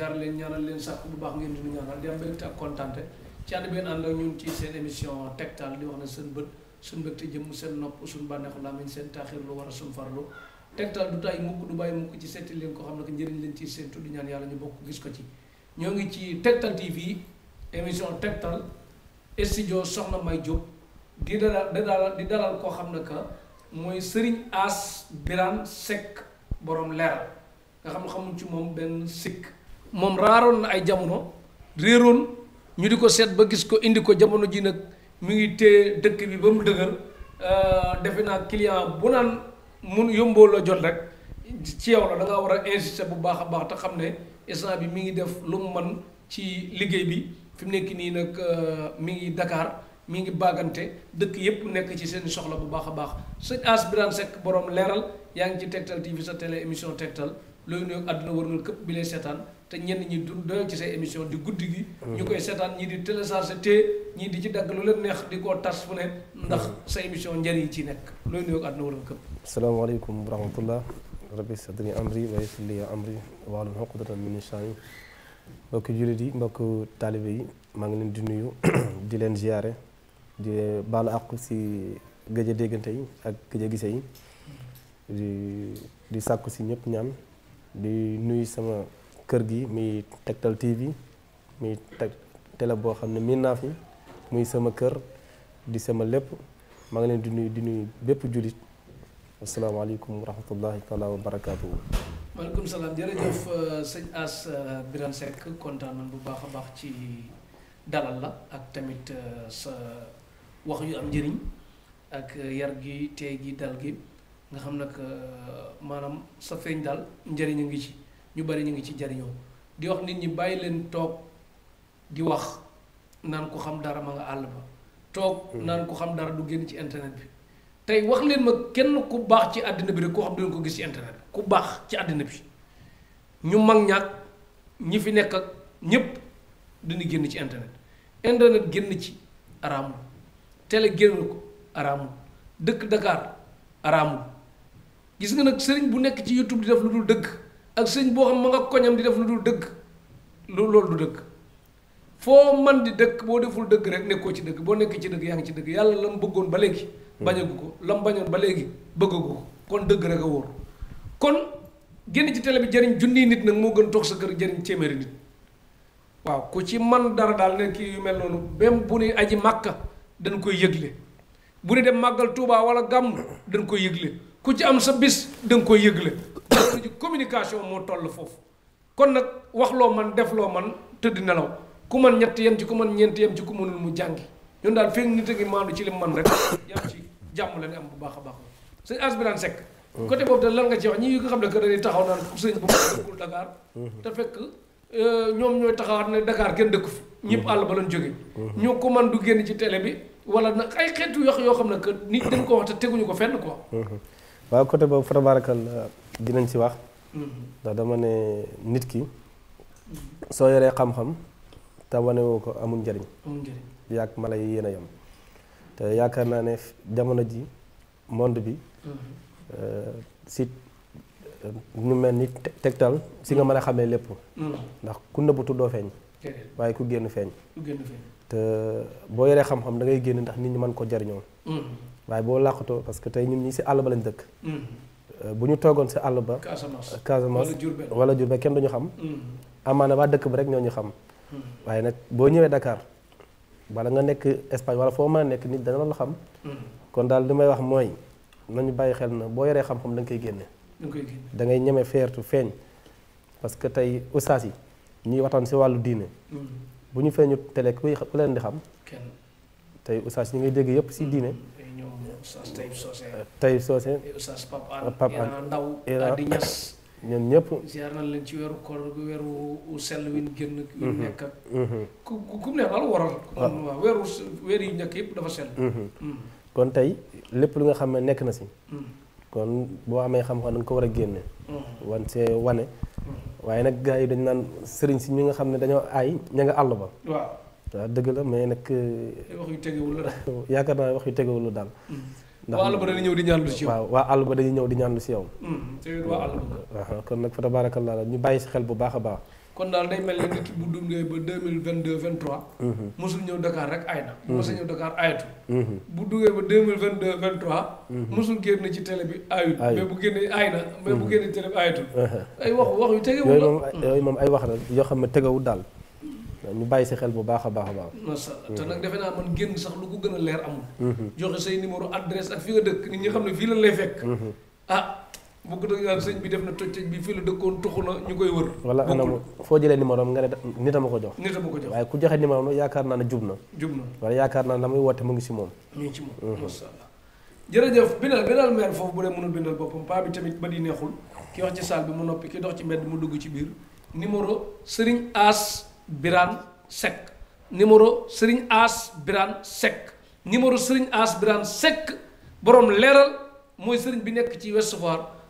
ziar leen ñaanal leen sàkk bu baax ngeen dunu ñaanal di am mbégte ak kontante ci ànd benn ànd ak ñun ci seen émission tegtal di wax ne seen bët suñ mbégte jëm seen nopp suñ bànneexu làmmiñ seen taaxirlu war a suñ farlu tegtal du tay mukk du bàyyi mukk ci seeti leen ko xam ne que leen ci seen tudd ñaan yàlla ñu bokk gis ko ci ñoo ngi ci tegtal TV émission tegtal studio soxna May Diop di dalal di dalal di dalal koo xam ne que mooy Serigne As biram Seck boroom leer nga xam ne xamuñ ci moom benn sikk moom raaroon na ay jamono réeroon ñu di ko seet ba gis ko indi ko jamono ji nag mu ngi te dëkk bi ba mu dëgër euh, defe naa client bu naan mun yomboo la jot rek ci yow la war a insister bu baax a baax te xam ne instant bi mi ngi def lu mu man ci liggéey bi fi mu nekk nii nag euh, mi ngi dakaar mi ngi baagante dëkk yépp nekk ci seen soxla bu baax a baax sëñ As Birane Seck borom leeral yaa ngi ci Tektal TV sa télé émission Tektal looy nuyoog àdduna wërngal këpp bi lay seetaan te ñenn ñi du doyal ci say émission di guddi gi. Mm-hmm. ñu koy seetaan ñii di téléchargé te ñii di ci dagg lu leen neex di ko tas fu ne. Mm-hmm. ndax sa émission njëriñ ci nekk. looy nuyoog àdduna waroon këpp. asalaamaaleykum wa rahmatullah rabbi sadri amri wa yassir li amri wahlul uqdatan min lisaani mbokki yi maa ngi leen di nuyu di leen ziare di baalu àq si gëj a déggante yi ak gëj a gise yi di sàkku si ñëpp ñaan di nuyu sama. kër gi muy Tektal TV muy teg télé boo xam ne miin naa fi muy sama kër di sama lépp maa ngi leen di nuyu di nuyu bépp jullit asalaamaaleykum wa rahmatullahi taala wa barakaatuhu. maaleykum salaam jërëjëf euh, sëñ As euh, Birane Seck bu baax a baax ci dalal la ak tamit euh, sa wax yu am njëriñ ak yar gi tey gi dal gi nga xam nag maanaam sa feeñ daal njëriñ a ngi ci. ñu bari ñu ngi ci jariñoo di wax nit ñi bàyyi leen toog di wax naan ko xam dara ma nga àll ba toog hmm. naan ko xam dara du génn ci internet bi tey wax leen ma kenn ku baax ci àddina bi rek koo xam du leen ko gis ci internet ku baax ci àddina bi ñu mag ñaag ñi fi nekk ak ñépp dañu génn ci internet internet génn ci araamul télé génn ko araamul dëkk Dakar araamul gis nga nag sëriñ bu nekk ci YouTube di def lu dul dëkk ak sëñ boo xam ma nga koñam di def lu dul dëgg loolu du dëgg foo man di dëkk boo deful dëgg rek nekkoo ci dëgg boo nekk ci dëgg yaa ngi ci dëgg yàlla mu bëggoon ba léegi hmm. bañagu ko lam bañoon ba léegi bëggagu kon dëgg rek a wóor kon génn ci télé bi jëriñ junniy nit nag moo gën toog sa kër jëriñ téeméeri nit waaw ku ci man dara daal ne kii yu mel noonu même bu ni aji màkka dañ koy yëgle bu ni dem màggal Tuubaa wala gàmm dañ koy yëgle ku ci am sa bis dañ koy yëgle communication moo toll foofu kon nag wax loo man def loo man tëdd nelaw ku man ñett yem ci ku man ñeent yem ci ku mënul mu jàngi ñun daal fekk nit a ngi maandu ci li man rek yam ci jàmm leen am bu baax a baax sëñ Asbirane Seck mm. côté boobu da lan nga ci wax ñi nga xam ne que dañuy taxaw naan sëñ bu dëkkul Dakar mm-hmm. te fekk euh, ñoom ñooy taxawaat ne dakaar kenn dëkku fi ñëpp mm-hmm. àll ba lañ jógee mm-hmm. ñoo ko man du génn ci télé bi wala nag ay xeetu yox yoo xam ne que nit dañ ko wax te teguñu ko fenn quoi waaw côté boobu fa tabaarakalla dinañ si wax. Mm-hmm. ndax dama ne nit ki soo yoree xam-xam te wane ko amul njëriñ. yàgg mala yi yéen a yem. te yaakaar naa ne jamono ji monde bi. Mm-hmm. Euh, si ñu euh, mel ni tegtal si nga mën a xamee lépp. Mm-hmm. ndax ku nëbbatu doo feeñ. waaye ku génn feeñ. te boo yoree xam-xam da ngay génn ndax nit ñi mën ko jariñoo mm. waaye boo làqatoo parce que tey ñun ñi si àll ba lañ dëkk mm. euh, bu ñu toogoon si àll ba Casamance wala Diourbel kenn duñu xam mm. amaana waa dëkk bi rek ñoo ñu xam waaye nag boo ñëwee Dakar wala nga nekk Espagne wala foo mën a nekk nit dana la xam kon daal li may wax mooy nañu bàyyi xel na boo yoree xam-xam da nga koy génne da ngay ñeme feertu feeñ parce que tey ustaas yi ñuy waxtaan si wàllu diine bu ñu feeñu télé ku leen di xam. tey oustaz ñi ngay dégg yëpp si hmm. diine. tey sooseen oustaz Pape An Ndaw Adi Niass ñoom ñëpp. ziar nañ leen ci weeru koor gu weeru sell wi ñu génn. Hmm. ak. Hmm. ku ku ne daal waral. waaw weeru weer yu njëkk yëpp dafa sell. kon tey lépp lu nga xam ne nekk na si. kon boo amee xam-xam nga ko war a génne. Mm-hmm. wan wane. Mm-hmm. waaye nag gars yi dañ naan sëriñ si ñi nga xam ne dañoo aay ña nga àll ba. waaw waaw dëgg la mais nag. Euh, eh, wax yu tegewul la daal. yaakaar naa wax yu tegewul la daal. Mm-hmm. ndax waa àll ba dañuy ñëw di ñaan lu si yow. waaw waa àll ba dañuy ñëw di ñaan lu si yow. kon nag fa tabaarakallaa ñu bàyyi si xel bu baax a baax. kon daal day mel ni nit bu dundee ba deux mille vingt deux vingt trois. Mhm. mosul ñëw Dakar rek ay na. Mhm. mosul ñëw Dakar ayatu. Mhm. bu duggee ba deux mille vingt deux vingt trois. mosul génn ci télé bi ayut. mais bu génnee ay na mais bu génnee télé bi ayatu. ay wax wax yu tegewul la hmm. yooyu moom ay wax la yoo xam ne tegewul daal. ñu bàyyi si xel bu baax a baax a baax. macha allah te nag defe naa man génn sax lu ko gën a leer amul. joxe say numéro adresse ak fi nga dëkk nit ñi xam ne fii la lay fekk. ah. bokkut bi def na toj bi fii la dëkkoon tuxu na ñu koy wër wala anam foo jëlee numéro am nga ne nitama ko jox nitama ko jox waaye ku joxe numéro am yaakaar naa ne jub na jub na wala yaakaar naa ne la muy woote mu ngi si moom mu ngi si moom mhm. masha Allah foofu bu dee mënul bindal boppam paa bi tamit ba di neexul ki wax ci salle bi mu noppi ki dox ci mbedd mu dugg ci numéro Serigne As Birane Seck numéro mooy Serigne bi nekk ci Ouest Foire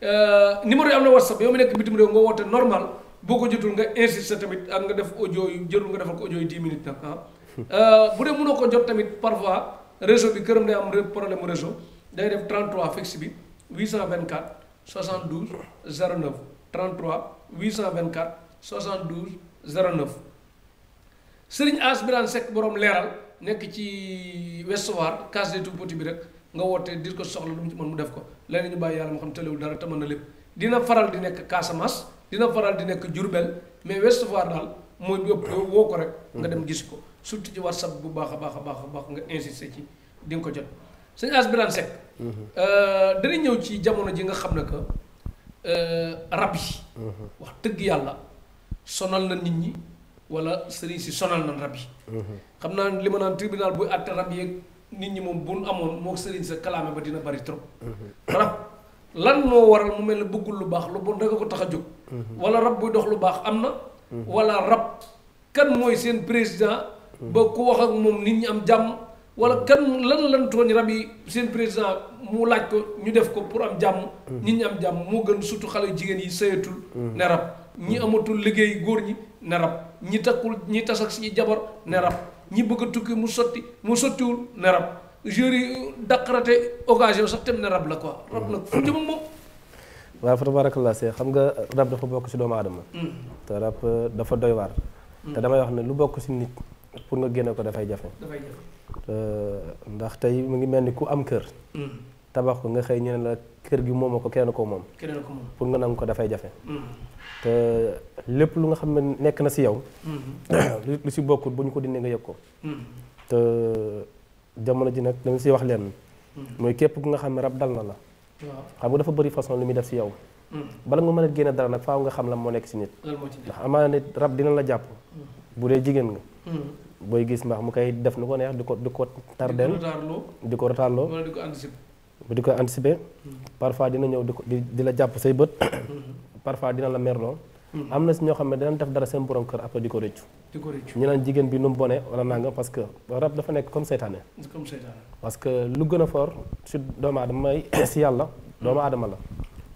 Euh, numéro yi am na whatsapp yow mi nekk bitim réew nga woote normal boo ko jotul nga sa tamit ak nga def audio yu nga defal ko audio yu 10 minutes nag ah. Hmm. Euh, bu dee mënoo ko jot tamit parfois réseau bi këram day am problème réseau day def 33 fixe bi 824 72 09 33 824 72 09. Serigne Asbirane Seck boroom leeral nekk ci Ouest Foire case des tout petits bi rek. nga woote di ko soxla lu mu ci mën mu def ko léegi ñu bàyyi yàlla moo xam tëlewul dara te mën na lépp dina faral di nekk Casamance dina faral di nekk Diourbel mais Ouest Foire daal mooy yëpp woo ko rek nga dem gis ko surtout ci whatsapp bu baax a baax a baax a baax nga insisté ci di nga ko jot sëñ bi Birane Seck euh, dana ñëw ci jamono ji nga xam ne que euh, rab yi wax dëgg yàlla sonal na nit ñi wala sëriñ si sonal na rab mhm. xam naa li ma naan tribunal buy àtte rab yeeg nit ñi moom buñ amoon moo sëriñ sa kalaame ba dina bari trop mhm. lan moo waral mu mel ne bëggul lu baax lu bon da ko tax a jóg mhm. wala rab buy dox lu baax am na mhm. wala rab kan mooy seen président ba ku wax ak moom nit ñi am jàmm wala kan lan lan tooñ rab yi seen président mu laaj ko ñu def ko pour am jàmm nit ñi am jàmm moo gën surtout xale jigéen yi sëyatul ne rab ñi amatul liggéey góor ñi ne rab ñi takkul ñi tas ak si jabar ne rab ñi bëgg a tukki mu sotti mu sottiwul ne rab joueurs yi dàqarate occasion sax tam ne rab la quoi. rab la fu jëm ak moom. waaw fa tabarakallah see xam nga rab dafa bokk si doomu adama mm. te rab euh, dafa doy waar. Mm. te damay wax ne lu bokk si nit pour nga génne ko dafay jafe. ndax tey mu ngi mel ni ku am kër. Mm. tabax ko nga xëy ñu la kër gi moom ko keneen ko moom. keneen ko moom pour nga nangu ko dafay jafe. te lépp lu nga xam nekk na si yow. Mm-hmm. lu si bokkul bu ñu ko dindee nga yëg ko. Mm-hmm. te jamono ji nag dañ siy wax leen. Mm-hmm. mooy képp ku nga xam ne rab dal na la. xam nga dafa bëri façon li si yow. bala nga a génne dara nag faaw nga xam la moo nekk si nit. ndax amaana nit rab dina la jàpp. bu dee jigéen nga. booy gis mbaax mu koy def nu ko neex di ko di ko tardeel. di ko retardloo wala di ko anticiper. di ko anticiper. parfois dina ñëw di ko di la jàpp say bët. parfois dina la merloo hmm. am na si ñoo xam ne dinañ def dara seen borom kër après di ko rëccu ñu naan jigéen bi nu mu bone wala nangam parce rab dafa nekk comme seytaane parce lu gën a fort si doomu aadama may si yàlla doomu aadama la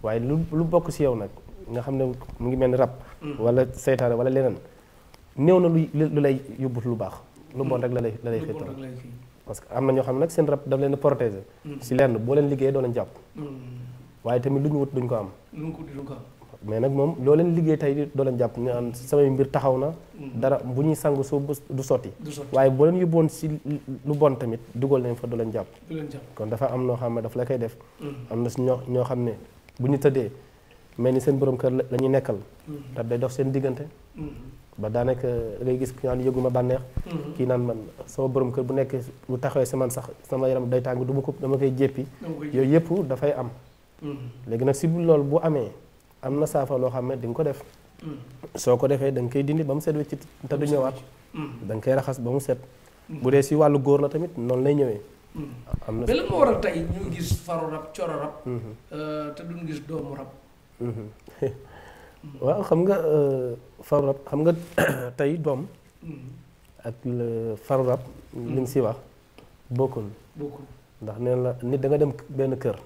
waaye lu lu bokk si yow nag nga xam ne mu ngi mel ni rab hmm. wala seytaane wala leneen néew na lu lu lay yóbbu lu baax lu bon hmm. rek la lay la lay xéetal parce am na ñoo xam ne nag seen rab daf leen protéger si lenn boo leen liggéeyee doo leen jàpp waaye mais nag moom loo leen liggéey tey doo leen jàpp ñu am samay mbir taxaw na mm-hmm. dara bu ñuy sangu soo du sotti waaye boo leen yóbboon si lu bon tamit dugal leen fa doo leen jàpp kon dafa am noo xam ne daf la koy def mm-hmm. am na si ñoo ñoo xam ne bu ñu tëddee mel ni seen borom kër la ñuy nekkal te mm-hmm. day seen diggante ba daanaka ngay gis ki naan yëguma bànneex kii naan man sama borom kër bu nekk bu taxawee si man sax sama yaram day tàng du ko dama koy jéppi yooyu yëpp dafay am léegi nag si loolu bu amee am na saafa loo xam ne di ko def mm. soo ko defee da nga koy dindi ba mu set wecc te du ñëwaat mm. da nga koy raxas ba mu set mm. bu dee si wàllu góor la tamit noonu lay ñëwee am na mais mm-hmm. euh, doomu rab mm-hmm. waaw xam nga euh, faru rab xam nga tey doom ak faru rab li si wax bokkul ndax neen la nit da nga dem benn kër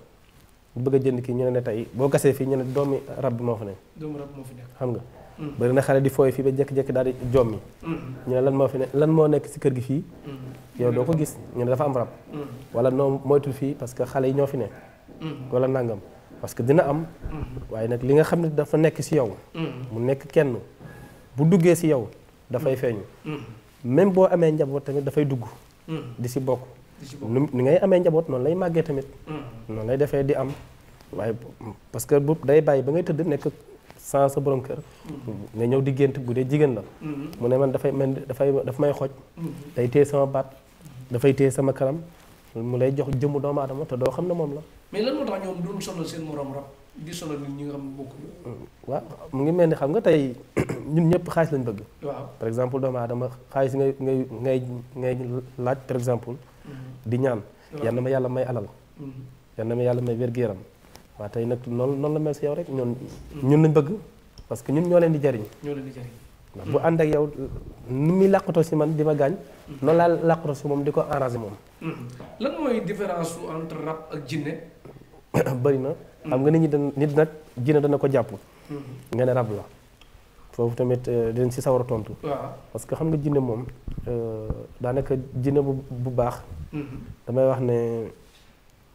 bu bëgg a jënd kii ñu ne ne tey boo gasee fii ñu ne doomi rab bi moo fa nekk. doomu rab moo fi nekk xam nga. Mm. bari na xale di fooy fii ba jékki-jékki daal di jommi. Mm. ñu ne lan moo fi ne lan moo nekk si kër gi fii. Mm. yow doo ko gis ñu ne dafa am rab. wala noo moytul fii parce que xale yi ñoo fi ne. wala nangam parce dina am. waaye nag li nga xam ne dafa nekk si yow. mu nekk kenn bu duggee si yow. dafay feeñu. même boo amee njaboot tamit dafay dugg. di si bokk. ni ngay amee njaboot noonu lay màggee tamit. Mm. noonu lay defee di am waaye parce que bu day bàyyi ba ngay tëdd nekk sans sa borom kër. Mm. ñëw di gént bu dee jigéen la. Mm-hmm. ne man dafay mel dafay daf may xoj. Mm-hmm. day téye sama baat dafay téye sama kanam mu lay jox jëmmu doomu te doo xam ne moom la. mais lan moo tax solo seen mm. waaw mu ngi mel ni xam nga tey ñun ñëpp xaalis lañ bëgg. waaw par exemple doomu aadama xaalis ngay ngay ngay ngay laaj par exemple. Mm-hmm. di ñaan yal na ma yàlla may alal mm-hmm. yal na ma yàlla may wér-gu-yaram waa tey nag noonu noonu la mel si yow rek ñun mm-hmm. ñun lañ bëgg parce que ñun ñoo leen di jariñ ñoo leen di jariñ ndax bu ànd ak yow ni muy làqatoo si man di ma gaañ noonu laa làqatoo si moom di ko arrangé moom lan mooy différence entre rab ak jinne bëri na xam nga nit ñi nit nag jinne dana ko jàpp nga ne rab la foofu tamit euh, dinañ si sawar a tontu. parce que xam nga jinne moom euh, daanaka jinne bu bu baax. Mm-hmm. damay wax ne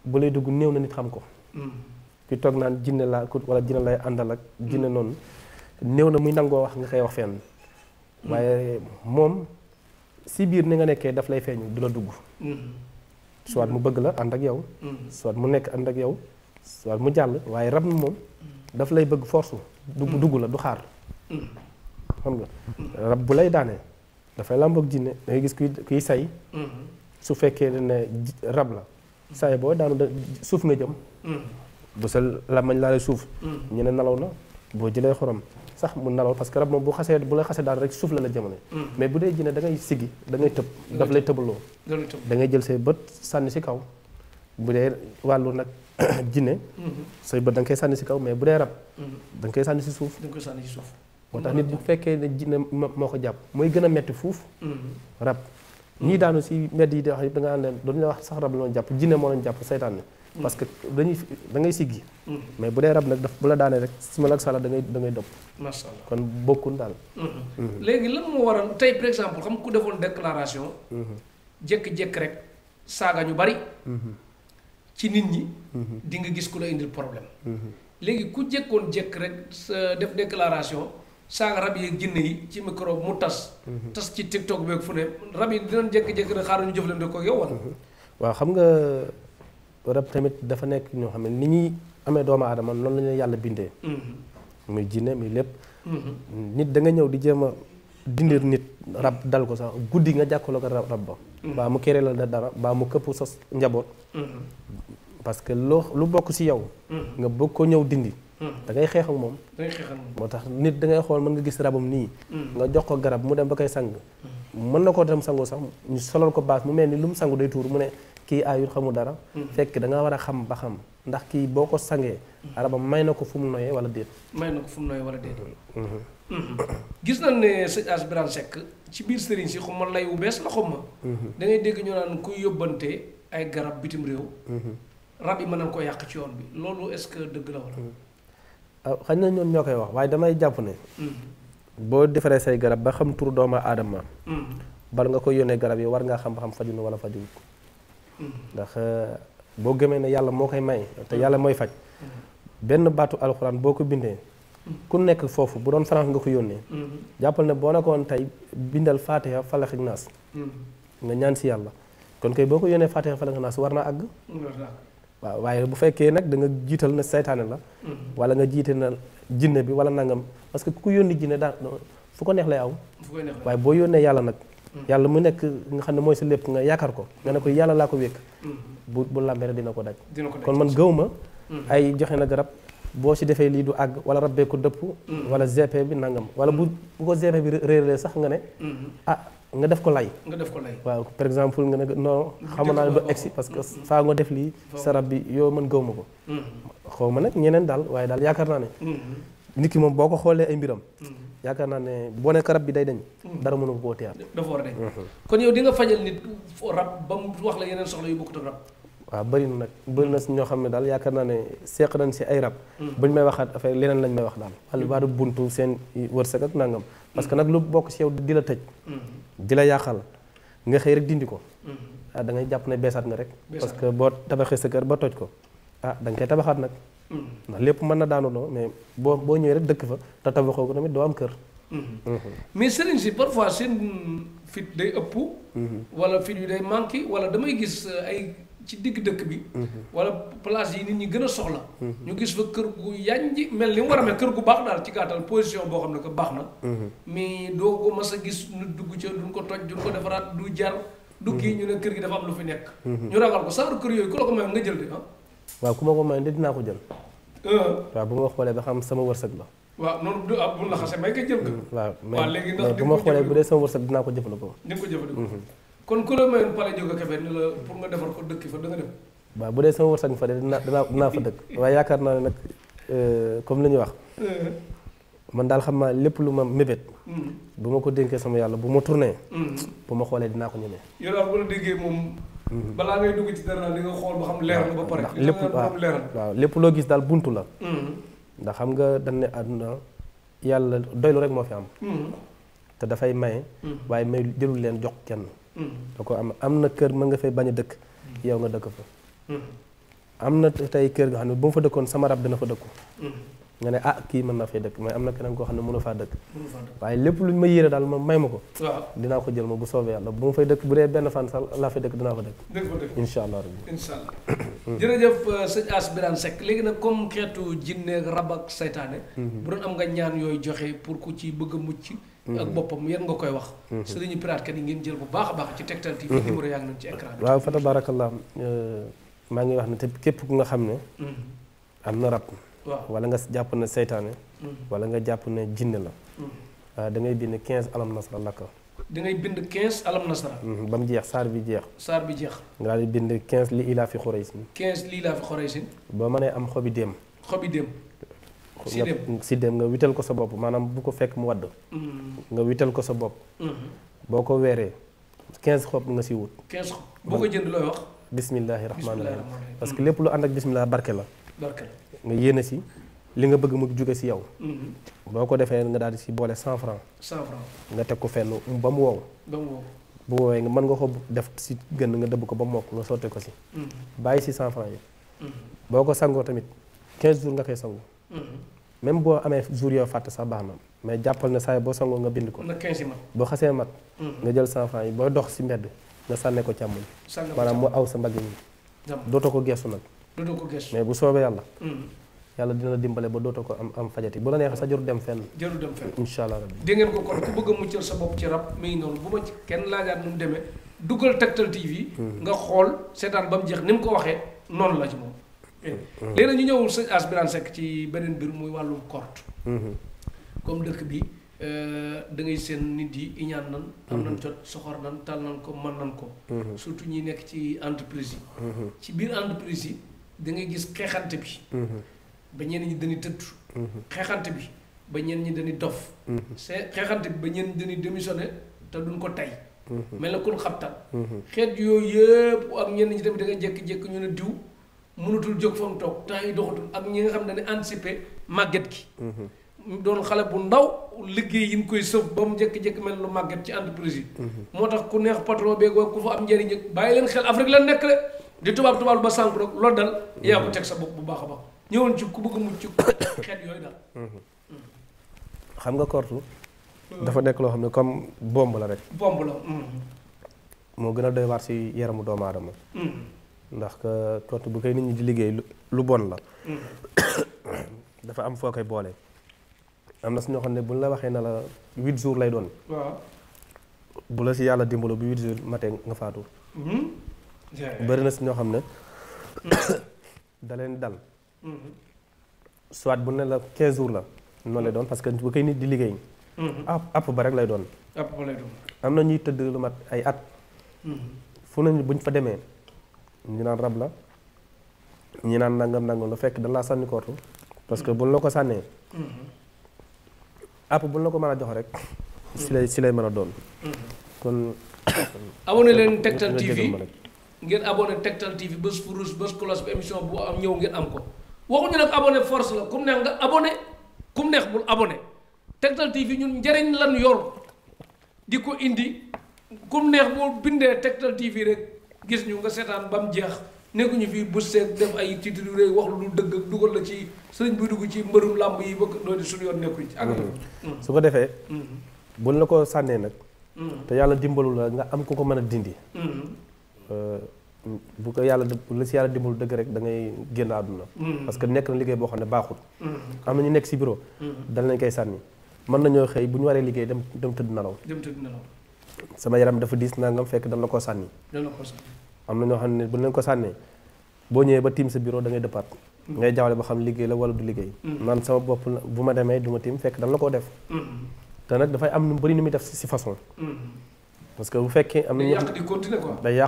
bu lay dugg néew na nit xam ko. Mm-hmm. ki toog naan jinne laa wala jinne lay àndal ak. Mm-hmm. jinne noonu néew na muy nangoo wax nga koy wax fen waaye moom si biir ni nga nekkee daf lay feeñu du la dugg. soit mu bëgg la ànd ak yow. soit mu nekk ànd ak yow. soit mu jàll waaye rab moom daf lay bëgg force. dugg dugg la du xaar. xam nga rab bu lay daanee dafay làmboog jinne da gis kuy kuy say su fekkee ne rab la say boo daanu da suuf nga jëm bu sa laa laalee suuf ñu ne nalaw na boo jëlee xorom sax mu nalaw parce que rab moom bu xasee bu la xasee daal rek suuf la la jëmale mais bu dee jinne da ngay siggi da ngay tëb daf lay tëbaloo dangay ngay jël say bët sànni si kaw bu dee wàllu nag jinne mhm. say bët da nga sànni si kaw mais bu dee rab mhm. da nga koy sànni si suuf da sànni si suuf moo tax nit bu fekkee ne jinne moo ko jàpp mooy gën a metti fuuf mm-hmm. rab ñii daanu si mbedd yi de wax yëpp da nga ànd leen doon la wax sax rab la jàpp jinne moo leen jàpp saytaan ni mm-hmm. parce que dañuy dangay ngay siggi mm-hmm. mais bu dee rab nag daf bu la daanee rek simal ak sala da ngay da ngay dopp macha allah kon bokkul daal léegi lan moo waral tey par exemple xam ku defoon déclaration jékki-jékki rek saaga ñu bari ci nit ñi di nga gis ku la indil problème léegi ku jékkoon jékk rek sa def déclaration saaga rab yeeg jinne yi ci micro mu tas. Mhm. tas ci tiktok beeg fu ne rab yi dinañ jékki-jékki rek xaaral ñu jëflante ko yow wala. Mhm. xam nga rab tamit dafa nekk ñoo xam ne ni ñi amee doomu aadama noonu la yàlla bindee. Mhm. muy jinne muy lépp. nit da ñëw di jéem a dindir nit rab dal ko sax guddi nga jàkkaloo ko rab ba. baa mu kéré la da baa mu këpp sa njaboot. parce que loo lu bokk si yow. nga bëgg ko ñëw dindi. da ngay xeex ak moom moo tax nit da ngay xool mën nga gis rabam nii mm. nga jox ko garab mu dem ba koy sang mm. mën na koo dem sangu sax ñu solal ko baas mu mel ni lu mu sangu day tuur mu ne kii aayul xamul dara mm. fekk da war a xam ba ndax kii boo ko sangee arabam may na ko fu mu noyee wala déet may na ko fu mu noyee wala déet mm-hmm. Mm-hmm. gis na ne sëñ Ass Birane ci biir sëriñ si xuma lay wu bees la xuma mm-hmm. da ngay dégg ñu naan kuy yóbbante ay garab bitim réew rab yi mën nañ ko yàq ci yoon bi loolu est-ce que dëgg la wala Ah, xañ na ñoom ñoo koy wax waaye damay jàpp ne. Mm-hmm. boo defaree say garab ba xam tour doomu aadama. Mm-hmm. bala nga koy yónnee garab yi war ngaa xam xam faju na wala faju mm-hmm. ndax eh, boo gëmee ne yàlla moo koy may te yàlla mooy faj. benn baatu alxuraan boo ko bindee. ku nekk foofu bu doon France nga ko yónnee. jàppal ne boo nekkoon tey bindal Fatiha Falaq ak Naas. nga ñaan si yàlla kon kay boo ko yónnee Fatiha Falaq ak Naas war naa àgg. waaw waaye bu fekkee nag danga nga jiital na seytaane la mm-hmm. wala nga jiite na jinne bi wala nangam parce que ku yónni jinne daa fu ko neex lay aw waaye boo yónnee yàlla nag mm-hmm. yàlla mu nekk nga xam ne mooy sa lépp nga yaakaar ko nga ne ko yàlla laa ko wékk mm-hmm. bu bu làmbee dina ko daj kon man gëwma ay joxe na garab boo si defee lii du àgg wala rabbee ko dëpp wala GP bi nangam wala bu bu ko GP bi réerlee sax nga ne ah nga def ko lay. nga def ko lay waaw par exemple nga ne non xam naa ba egsi parce que faa nga def lii. sarab bi yow man gaw ma ko. Mm-hmm. xaw ma nag ñeneen daal waaye daal yaakaar naa ne. Mm-hmm. nit ki moom boo ko xoolee ay mbiram. Mm-hmm. yaakaar naa ne boo nekk rab bi day dañ. dara mënu koo teyaat. a dañ. kon yow di nga fajal nit rab ba mu wax la yeneen soxla yu bokkut rab. waaw bëri na nag bëri na si ñoo xam ne daal yaakaar naa ne seeq nañ si ay rab. buñ may waxaat affaire leneen lañ may wax daal. wàllu buntu seen wërsëg ak nangam. parce que nag lu bokk si yow di la tëj. di la yàqal nga xëy rek dindi ko mm-hmm. ah da ngay jàpp ne beesaat nga rek parce que boo tabaxee sa kër ba toj ko ah da nga koy tabaxaat nag mm-hmm. ndax lépp mën na daanuloo mais boo boo ñëwee rek dëkk fa te tabaxoo ko tamit doo am kër mm-hmm. mais sëriñ si parfois seen fit day ëpp wala fit yu day manqué wala damay gis euh, ay ci digg dëkk bi. Mhm. wala place yi nit ñi gën a soxla. Mhm. ñu gis fa kër gu yànji mel ni mu war a mel kër gu baax daal ci gàttal position boo xam ne que baax na. Mhm. mais doo ko gis dugg ca duñ ko toj duñ defaraat du jar. du kii ñu ne kër gi dafa am lu fi nekk. ñu ragal ko saaru kër yooyu ku la ko may nga jël de ah. ku ma ko may de dinaa ko jël. Euh. waaw bu ma xoolee ba xam sama wërsëg la. waaw noonu du ah bu la xasee may nga jël. waaw mais waaw léegi ndax bu ma xoolee di ko kon ku la mayoon palais jóg ak ni la pour nga defar ko dëkk fa da nga dem. bu dee sama wërsëg fa de dinaa dinaa dëkk waaye yaakaar naa ne nag euh, comme li ñuy wax. Uh-huh. daal xam lépp lu ma mébét. Mm-hmm. bu ma ko dénkee sama yàlla bu ma mm-hmm. ma xoolee dinaa ko ñemee. yow mm-hmm. nga xool lépp loo gis daal buntu la. xam nga dañ ne àdduna yàlla doylu rek moo fi am. te dafay maye. waaye may jëlul leen jox kenn. da ko am am na kër mën nga fay bañ a dëkk mm. yow nga dëkk fa mm. am na tey kër nga xam ne bu ma fa dëkkoon sama rab dina fa dëkku mm. nga ne ah kii mën naa fay dëkk mais am na keneen koo xam ne mënu faa dëkk waaye lépp luñ ma yére daal ma may ma ko dinaa ko jël ma bu soobee yàlla bu ma fay dëkk bu dee benn fan sax laa fay dëkk dinaa fa dëkk insha allah rabbi insha allah jërëjëf euh, sëñ Ass Birane Seck léegi nag comme xeetu jinne rab ak saytaane mm-hmm. bu doon am nga ñaan yooyu joxe pour ku ci bëgg a Mm-hmm. ak boppam yan nga koy wax. Mm-hmm. sëriñu pirate kat yi ngeen jël bu baax baax ci Tektal TV. Mm-hmm. numéro yaa ngi noonu ci écran bi. waaw fa tabarakallah euh, maa ngi wax ne te képp ku nga xam ne. am na rab. wala nga jàpp ne seytaane. wala nga jàpp ne jinne la. da ngay bind 15 alam nasara lakka. da ngay bind 15 alam nasara. ba jeex saar bi jeex. saar bi jeex. nga daal di bind 15 li ilaa fi xoraysin. 15 li ilaa fi xoraysin. ba mënee am xobi dém xobi dem. si dem nga wital ko sa bopp maanaam bu ko fekk mu wadd mm-hmm. nga wital ko sa bopp mm-hmm. boo ko weeree quinze xob nga si wut quinze xob boo ko jënd looy wax bismillahi rahmaani parce que lépp lu ànd ak bismillah barke la barke la nga yéene si li nga bëgg mu jóge si yow mm-hmm. boo ko defee nga daal di si boole cent franc nga teg ko fenn ba mu wow bu mu nga bu mën nga ko def si gën nga dëbb ko ba mokk nga sotte ko si bàyyi si cent franc yi boo ko sangoo tamit quinze jours nga koy sangu Mm-hmm. même boo amee jour yoo fàtte sax baax na mais jàppal ne saa yi boo sangoo nga bind ko. boo xasee mat. Mm-hmm. nga jël cent franc yi booy dox si mbedd nga sànne ko càmmoñ. sànne maanaam mu aw sa mbagg yi. dootoo ko gestu nag. dootoo ko gestu mais bu soobee yàlla. Mm-hmm. yàlla dina la dimbale ba dootoo ko am am fajati bu la neexee sa jëru dem fenn. jëru dem allah rabbi. dégg ngeen ko kon ku bëgg a muccal sa bopp ci rab mi ngi noonu bu ma ci kenn laajaat nu mu demee duggal Tektal TV. nga xool seetaan ba mu jeex ko waxee noonu la ci Mm-hmm. léegi nag ñu ñëwul sëñ As Birane Seck ci beneen mbir muy wàllum korte mm-hmm. comme dëkk bi euh, da ngay seen nit yi iñaan nan am nan mm-hmm. jot soxor nan tal nan ko mën nan ko surtout ñuy nekk ci entreprise yi ci biir entreprise yi da ngay gis xeexante bi ba ñenn ñi dañuy tëdd xeexante bi ba ñenn ñi dañuy dof c'est xeexante bi ba ñenn ñi dañuy démissionné te duñ ko tey mel na kun xabtal xeet yooyu yëpp ak ñenn ñi tamit da nga jékki-jékki ñu ne diw mënatul jóg fa mu toog temps yi doxatul ak ñi nga xam ne ne anticiper màgget gi. Mm-hmm. doon xale bu ndaw liggéey yi mu koy sëf ba mu jékki-jékki mel na lu màgget ci entreprise yi. Mm-hmm. moo tax ku neex patron beegoo ku fa am njëriñ ak bàyyi leen xel Afrique la nekk di tubaab tubaab ba sànq rek loolu dal. Mm-hmm. teg sa bopp bu baax a baax ñëwoon ci ku bëgg mucc xeet yooyu daal. Mm. xam nga kortu. Euh. dafa nekk loo xam ne comme bomb la rek. bomb la. moo gën a doy waar si yaramu doomu adama ndax tontu bu koy nit ñi di liggéey lu bon la mm. dafa am foo koy boole am na su ñoo xam ne bu la waxee na la huit jours lay doon bu la si yàlla dimbalu bu huit jours matee nga faatu mm-hmm. bëri na si ñoo xam ne mm. da leen dal mm-hmm. soit bu ne la quinze jours la noonu lay doon parce que bu koy nit di liggéey mm-hmm. app ba rek lay doon am na ñuy tëdd lu mat ay at fu nañu buñ fa demee ñu naan rab la ñu naan nangam nangam la fekk dañ laa sànni kortu parce que buñ la ko sànnee app buñ la ko mën a jox rek si lay si lay mën a doon kon abonné leen Tektal TV ngeen abonné Tektal TV bés fu rouge bés cloche bi émission bu am ñëw ngeen am ko waxuñu nag abonné force la kum neex nga abonné kum neex bul abonné Tektal TV ñun njëriñ lan yor di ko indi kum neex boo bindee Tektal TV rek gis ñu nga seetaan ba mu jeex nekkuñu fii bu seet def ay titre yu rëy wax lu dëgg dugal la ci sëriñ buy dugg ci mbërum làmb yi bëgg loolu suñu yoon nekkuñ ci. ak mhm. mm. su ko defee. Mm-hmm. buñ la ko sànnee nag. Mm-hmm. te yàlla dimbalu la nga am ku ko mën a dindi. Mm-hmm. Euh, bu ko yàlla la si yàlla dimbalu dëgg rek da ngay génn àdduna. parce nekk na liggéey boo xam ne baaxul. am na ñu nekk si bureau. danañ koy sànni mën nañoo xëy bu ñu waree liggéey dem dem tëdd nalaw. dem tëdd nalaw. sama yaram dafa diis nangam fekk dañ la koo sànni. dañ la koo sànni. am na ñoo xam ne bu leen ko sànnee boo ñëwee ba tiim sa bureau da mm-hmm. ngay départ. ngay jaawale ba xam liggéey la wala du liggéey. man mm-hmm. sama bopp bu ma demee du ma tiim fekk dañ la koo def. Mm-hmm. te nag dafay am nu bëri nu muy def si façon. parce que bu fekkee am na. day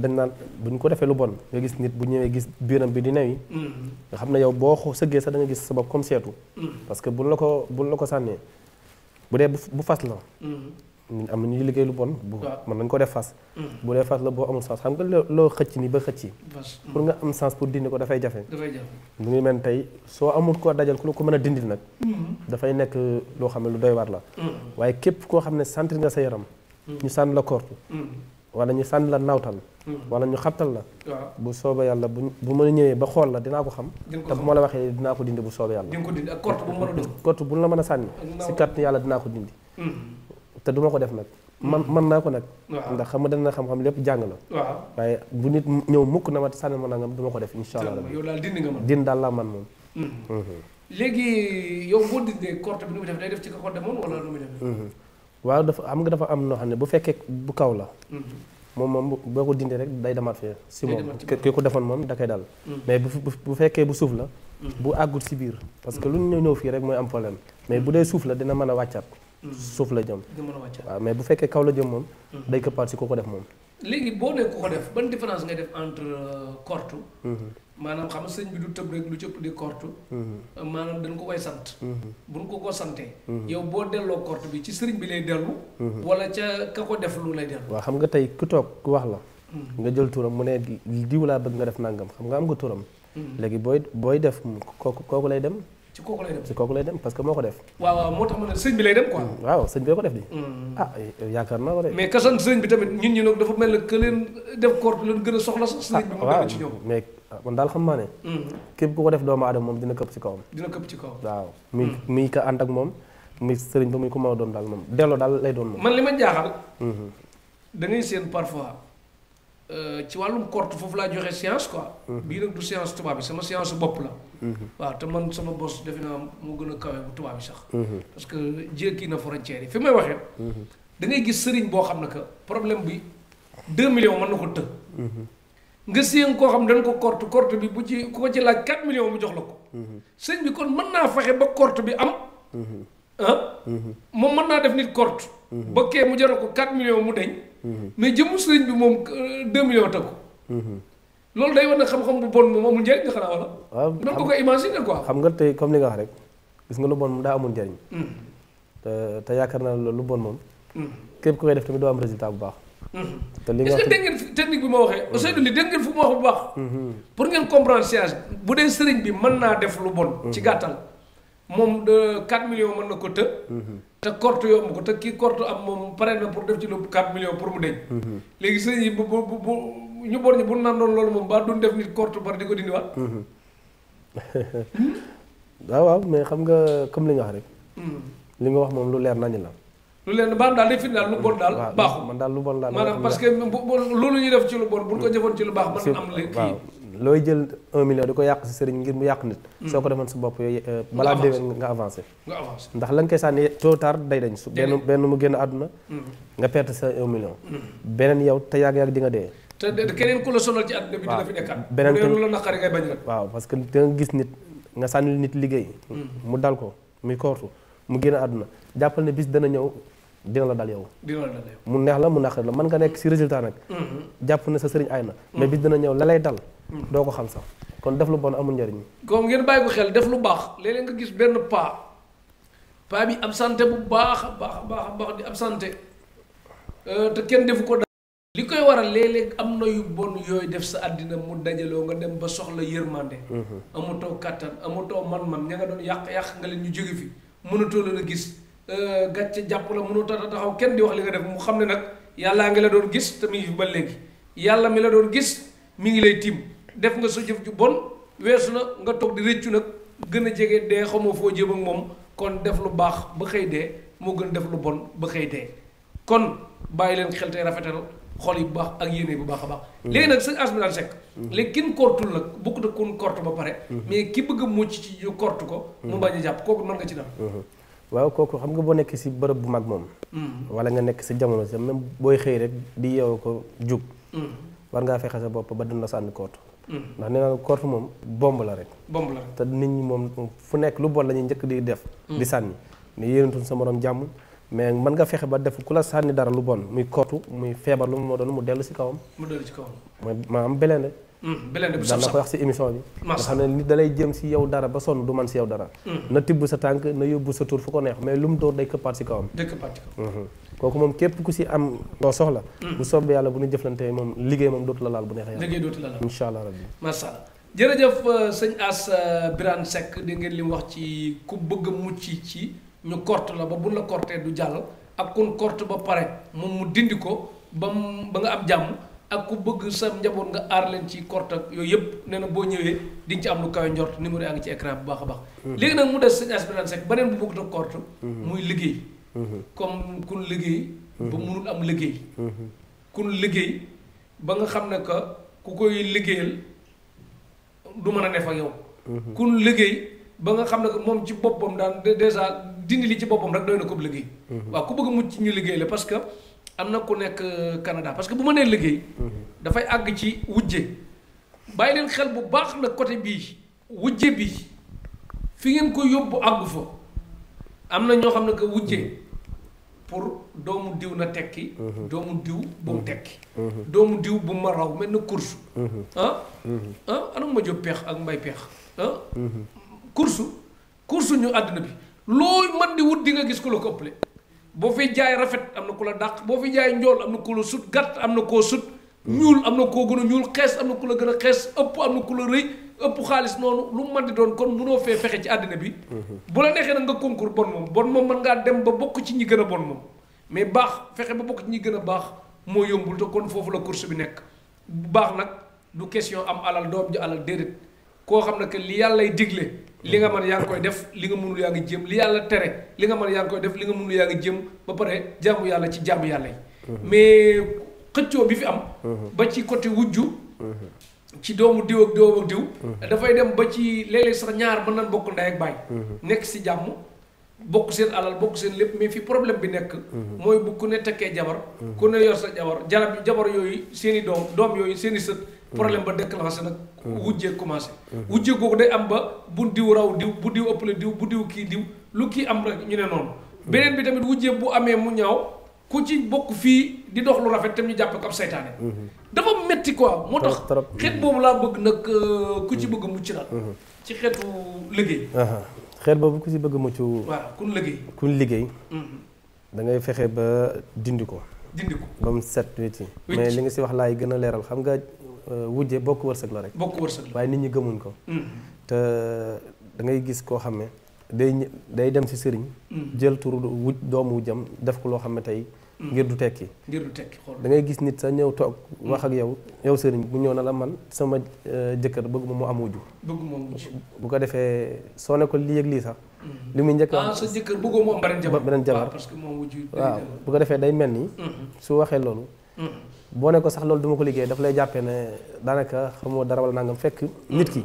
dañ naan bu ñu ko defee lu bon nga gis nit bu ñëwee gis biiram bi di newi. nga xam ne yow boo sëggee sax da nga gis sa bopp comme seetu. parce que buñ la ko buñ bu dee bu fas la. ñun mm-hmm. am na ñuy liggéey lu bon. bu mën nañ ko def fas. Mm-hmm. bu dee fas la boo amul sens xam nga loo xëcc nii ba xëcc. Mm-hmm. pour nga am sens pour dindi ko dafay jafe. dafay jafe mu ngi mel tey soo amul koo dajal ku la ko mën a dindil nag. dafay nekk loo xam ne lu doy war la. waaye képp koo xam ne sentir nga sa yaram. ñu sànni la kortu. wala ñu sànni la nawtal hmm. wala ñu xabtal la bu soobee yàlla bu bu ma ñëwee ba xool la dinaa ko xam te bu ma waxee dinaa ko dindi bu sooba yàlla ko dindi ak korte bu la mën a sànni si kat yàlla dinaa ko dindi hmm. te duma ko def nag man hmm. man naa ko nag ndax xam nga dana xam-xam lépp jàng la waaye bu nit ñëw mukk na ma sànni ma nangam duma ko def insha allah yow daal dindi nga man moom waaw dafa am nga dafa am noo xam ne bu fekkee bu kaw la mm-hmm. moom moom boo ko dindee rek day demaat fee si moom ki ko defoon moom da koy dal mm-hmm. mais bu fekkee bu suuf la mm-hmm. bu àggul si biir parce que lu ñu ñëw fii rek mooy am problème mais bu dee suuf la dina mën a wàccaat suuf la jëm waaw mais bu fekkee kaw la jëm moom day ko si ku ko def moom léegi boo ne ku ko def ban différence ngay def entre kortu euh, maanaam xam sëñ bi du tëb rek lu ci di kortu mhm. euh, maanaam dañ koy sant mhm. buñ ko ko santee mhm. yaw boo delloo kortu bi ci sëriñ bi lay dellu wala ca ka ko def lu lay dellu waa xam nga tey ku toog ku wax la nga jël turam mu ne diw laa bëgg nga def nangam xam nga am nga turam léegi booy booy def kooku kooku lay dem ci kooku lay dem lay dem parce que moo ko def waaw waaw moo tax ma ne sëñ bi lay dem quoi waaw sëñ bi ko def di ah yaakaar naa ko de mais kasan sëñ bi tamit ñun dafa mel ne que leen def kortu leen gën a soxla sax sëñ bi ah, mu man daal xam maa ne. Hmm. képp ko ko def doomu aadama moom dina këpp ci kawam. dina këpp ci kawam. waaw muy hmm. muy ka ànd ak moom muy sëriñ ba muy ko mën a doon daal moom delloo daal lay doon moom. man li ma jaaxal. Hmm. da ngay seen parfois euh, ci wàllum kort foofu laa joxe séance ko bii nag du séance tubaab bi sama séance bopp la. waaw te man sama bos defe naa moo gën a kawe bu tubaab bi sax. parce que jékki na frontière yi fi may waxee. da ngay gis sëriñ boo xam ne que problème bi 2 millions mën na ko nga séen koo xam dañ ko korte korte bi bu ci ku ko ci laaj 4 millions mu jox la ko. Mhm. sëñ bi kon mën naa fexe ba korte bi am. Mhm. ah. Mhm. moom mën naa def nit korte. ba kee mu jaral ko 4 millions mu deñ. mais jëmu sëñ bi moom 2 euh, millions tegu. loolu day wane xam-xam bu bon moom amul njëriñ nga xanaa wala. waaw ah, xam nga ko imaginer quoi. xam nga tey comme li nga wax rek gis nga lu bon moom daa amul njëriñ. Mm. te yaakaar naa lu bon moom. Mm. képp ku koy def tamit doo am résultat bu baax. te li nga est-ce que dégg ngeen bi ma waxee. Mhm. Ousseynou li dégg ngeen fu ma wax bu baax. Mhm. pour ngeen comprendre science bu dee sëriñ bi mën naa def lu bon. ci mhm. gàttal moom 4 millions mën na ko të. te korte yomb ko te kii korte am moom pare na pour def ci lu 4 millions pour mu deñ léegi sëriñ yi bu bu bu ñu bon ñi bu nandoon loolu moom ba duñ def nit korte bari di ko dindiwaat. waaw hmm? ah, waaw mais xam nga comme li nga wax ne hmm. li nga wax moom lu leer nañu la. lu leen baax daal day firndeel lu bon daal baaxul man daal lu bon daal maanaam parce que loolu ñuy def ci lu bon buñ ko jëfoon ci lu baax mën am léegi looy jël un million ko yàq si ngir mu yàq nit hmm. soo ko defoon sa bopp yooyu euh, balaa déwén nga avancé nga avancé ndax la nga koy sànni tôt tard day dañ su benn benn mu génn hmm. nga perte sa un hmm. beneen yow te yàgg-yàgg di nga dee te keneen ku la sonal ngay bañ la waaw parce que da nga gis nit nga sànni nit liggéey mu dal ko muy koortu mu génn àdduna jàppal ne bis dana ñëw dina la dal yow. dina mu neex la mu naqari la man nga nekk ci résultat nag. Mm-hmm. jàpp na sa sëriñ ay na. Mm-hmm. mais bis dina ñëw la lay dal. Mm-hmm. doo ko xam sax kon def lu bon amul njariñ. ko ngeen bàyyi ko xel def lu baax léeg nga gis benn paa paa bi absenté bu baax a baax baax di absenté euh, te kenn defu ko dal li koy waral léeg am na yu bon yooyu def sa àddina mu dajaloo nga dem ba soxla yërmande. amatoo kattan amatoo man-man ña nga doon yàq-yàq nga leen ñu jóge fi mënatoo Euh, gàcce jàpp la mënoo tax taxaw kenn di wax li nga def mu xam ne nag yàllaa ngi la doon gis te mi ngi fi ba léegi yàlla mi la doon gis mi ngi lay tiim def nga sa jëf ju bon weesu na nga toog di rëccu nag gën a jege dee xamoo foo jëm ak moom kon def lu baax ba xëy moo gën def lu bon ba xëy kon bàyyi leen xel tey rafetal xol yi bu baax ak yéene bu baax a baax. Mm. léegi nag sëñ Asminaan Seck. Mm. léegi kenn kortul nag bokkut ak kun kort ba pare. Mm-hmm. mais ki bëgg a mucc ci ñu ko. mu mm-hmm. bañ jàpp kooku man nga ci dara. waaw kooku xam nga boo nekk si bërëb bu mag moom. Mm. wala nga nekk si jamono si même booy xëy rek di yeewu ko jug. Mm. war ngaa fexe sa bopp ba dund la sànni koot. Mm. ndax nee naa koot moom bomb la rek. bomb la te nit ñi moom fu nekk lu bon lañuy njëkk di def. di sànni ni yéenatuñ sa morom jàmm. mais mën nga fexe ba def ku la sànni dara lu bon muy kootu muy feebar lu mu doon mu dellu si kawam. mu dellu si kawam. mooy ma am beleen rek. Hmm, daan na ko wax si bi nga xam ne nit dalay jëm si yow dara ba sonn du man si yow dara hmm. na tibb sa tànk na yóbbu sa tur fu ko neex mais lu mu dóor day këppaat si kawam hmm. kooku moom képp ku si am loo soxla bu soobee yàlla bu ñu jëflantee moom liggéey moom dootu la laal bu neexee yàlla liggéey dootu la laal incha allah rabbi macha allah jërëjëf euh, sëñ As euh, Birane Seck di li mu wax ci ku bëgg a mucc ci ñu korte la ba bu la kortee du jàll ak kun korte ba pare moom mu dindi ko ba ba nga am ak ku bëgg sa njaboot nga aar leen ci kort ak yooyu yëpp nee na boo ñëwee di ci am lu kawe njort numéro yaa ngi ci écran bu baax a baax. Mhm. léegi nag mu des sëñ Aspirane Seck beneen bu bëgg a kort. Mhm. muy liggéey. Mhm. comme kun liggéey. ba munul am liggéey. liggéey ba nga xam ne que ku koy liggéeyal du man a ne fa yow. kun liggéey ba nga xam ne que moom ci boppam daan dèjà dindi li ci boppam rek doy na ko liggéey. waaw ku bëgg mucc ñu liggéey la parce que. am na ku nekk euh, Canada parce que bu ma nee liggéey. Mhm. dafay àgg ci wujje. bàyyi leen xel bu baax na côté bii wujje bii fi ngeen ko yóbbu àggu fa am na ñoo xam ne que wujje mhm. pour doomu diw na tekki. Mhm. doomu diw bu mu tekki. doomu diw bu ma raw mel na course. ah, ah? ma jóg peex ak mbay peex ah. course course ñu àddina bi loo man di wut di nga gis ku la ko ëppale. boo fi jaay rafet am na ku la dàq boo fi jaay njool am na ku la sut gàtt am na koo sut ñuul am na koo gën a ñuul xees am na ku la gën a xees ëpp am na ku la rëy ëpp xaalis noonu lu mu mën di doon kon mënoo fee fexe ci àddina bi bu la neexee nag nga concours bon moom bon moom mën ngaa dem ba bokk ci ñi gën a bon moom mais baax fexe ba bokk ci ñi gën a baax moo yombul te kon foofu la course bi nekk bu baax nag du question am alal doom ju alal déedéet koo xam ne que li yàllay digle li nga mën yaa ngi koy def li nga mënul yaa ngi jëm li yàlla tere li nga mën yaa ngi koy def li nga mënul yaa ngi jëm ba pare jaamu yàlla ci jaamu yàlla yi mm-hmm. mais xëccoo bi fi am mm-hmm. ba ci côté wujju mm-hmm. ci doomu diw ak doomu diw dafay dem ba ci léeg sax ñaar mën nañ bokk ndey ak baay nekk si jàmm bokk seen alal bokk seen lépp mais fi problème bi nekk mooy bu ku ne tekkee jabar ku ne yor sa jabar jarab jabar yooyu seen i doom doom yooyu seen i sët problème ba déclenché nag mm-hmm. wujjee commencé mm-hmm. wujjee googu day am ba bu diw raw diw bu diw la diw bu diw kii diw lu kii am rek ñu ne noonu mm-hmm. beneen bi tamit wujjee bu amee mu ñaaw ku ci bokk fii di dox lu rafet tam ñu jàpp ko ab saytaane dafa metti quoi moo tax xeet boobu laa bëgg nag euh, ku ci bëgg mucc ci xeetu liggéey xeet boobu ku ci bëgg mucc waaw kun liggéey kun liggéey da ngay fexe ba dindi ko dindi ko ba mu set wecc mais li nga si wax laay gën a leeral xam nga Euh, wujje bokk wërsëg la rek. bokk wërsëg la waaye nit ñi gëmuñ ko. Mm-hmm. te da gis koo xam ne day day dem si sëriñ. Mm-hmm. jël turu wuj doomu jëm def ko loo xam ne tey. Mm-hmm. ngir du tekki. ngir du tekki gis nit sa ñëw toog wax ak yow yow sëriñ bu ñëw na la man sama euh, jëkkër bëgg ma mu am wujju. bu ko defee soo ne ko lii ak lii sax. li muy njëkk ah sa jëkkër bëggoo mu am jabar ah, waaw bu ko defee day mel ni. su waxee loolu. boo ne ko sax loolu duma ko liggéey daf lay jàppee ne daanaka xamoo dara wala nangam fekk nit ki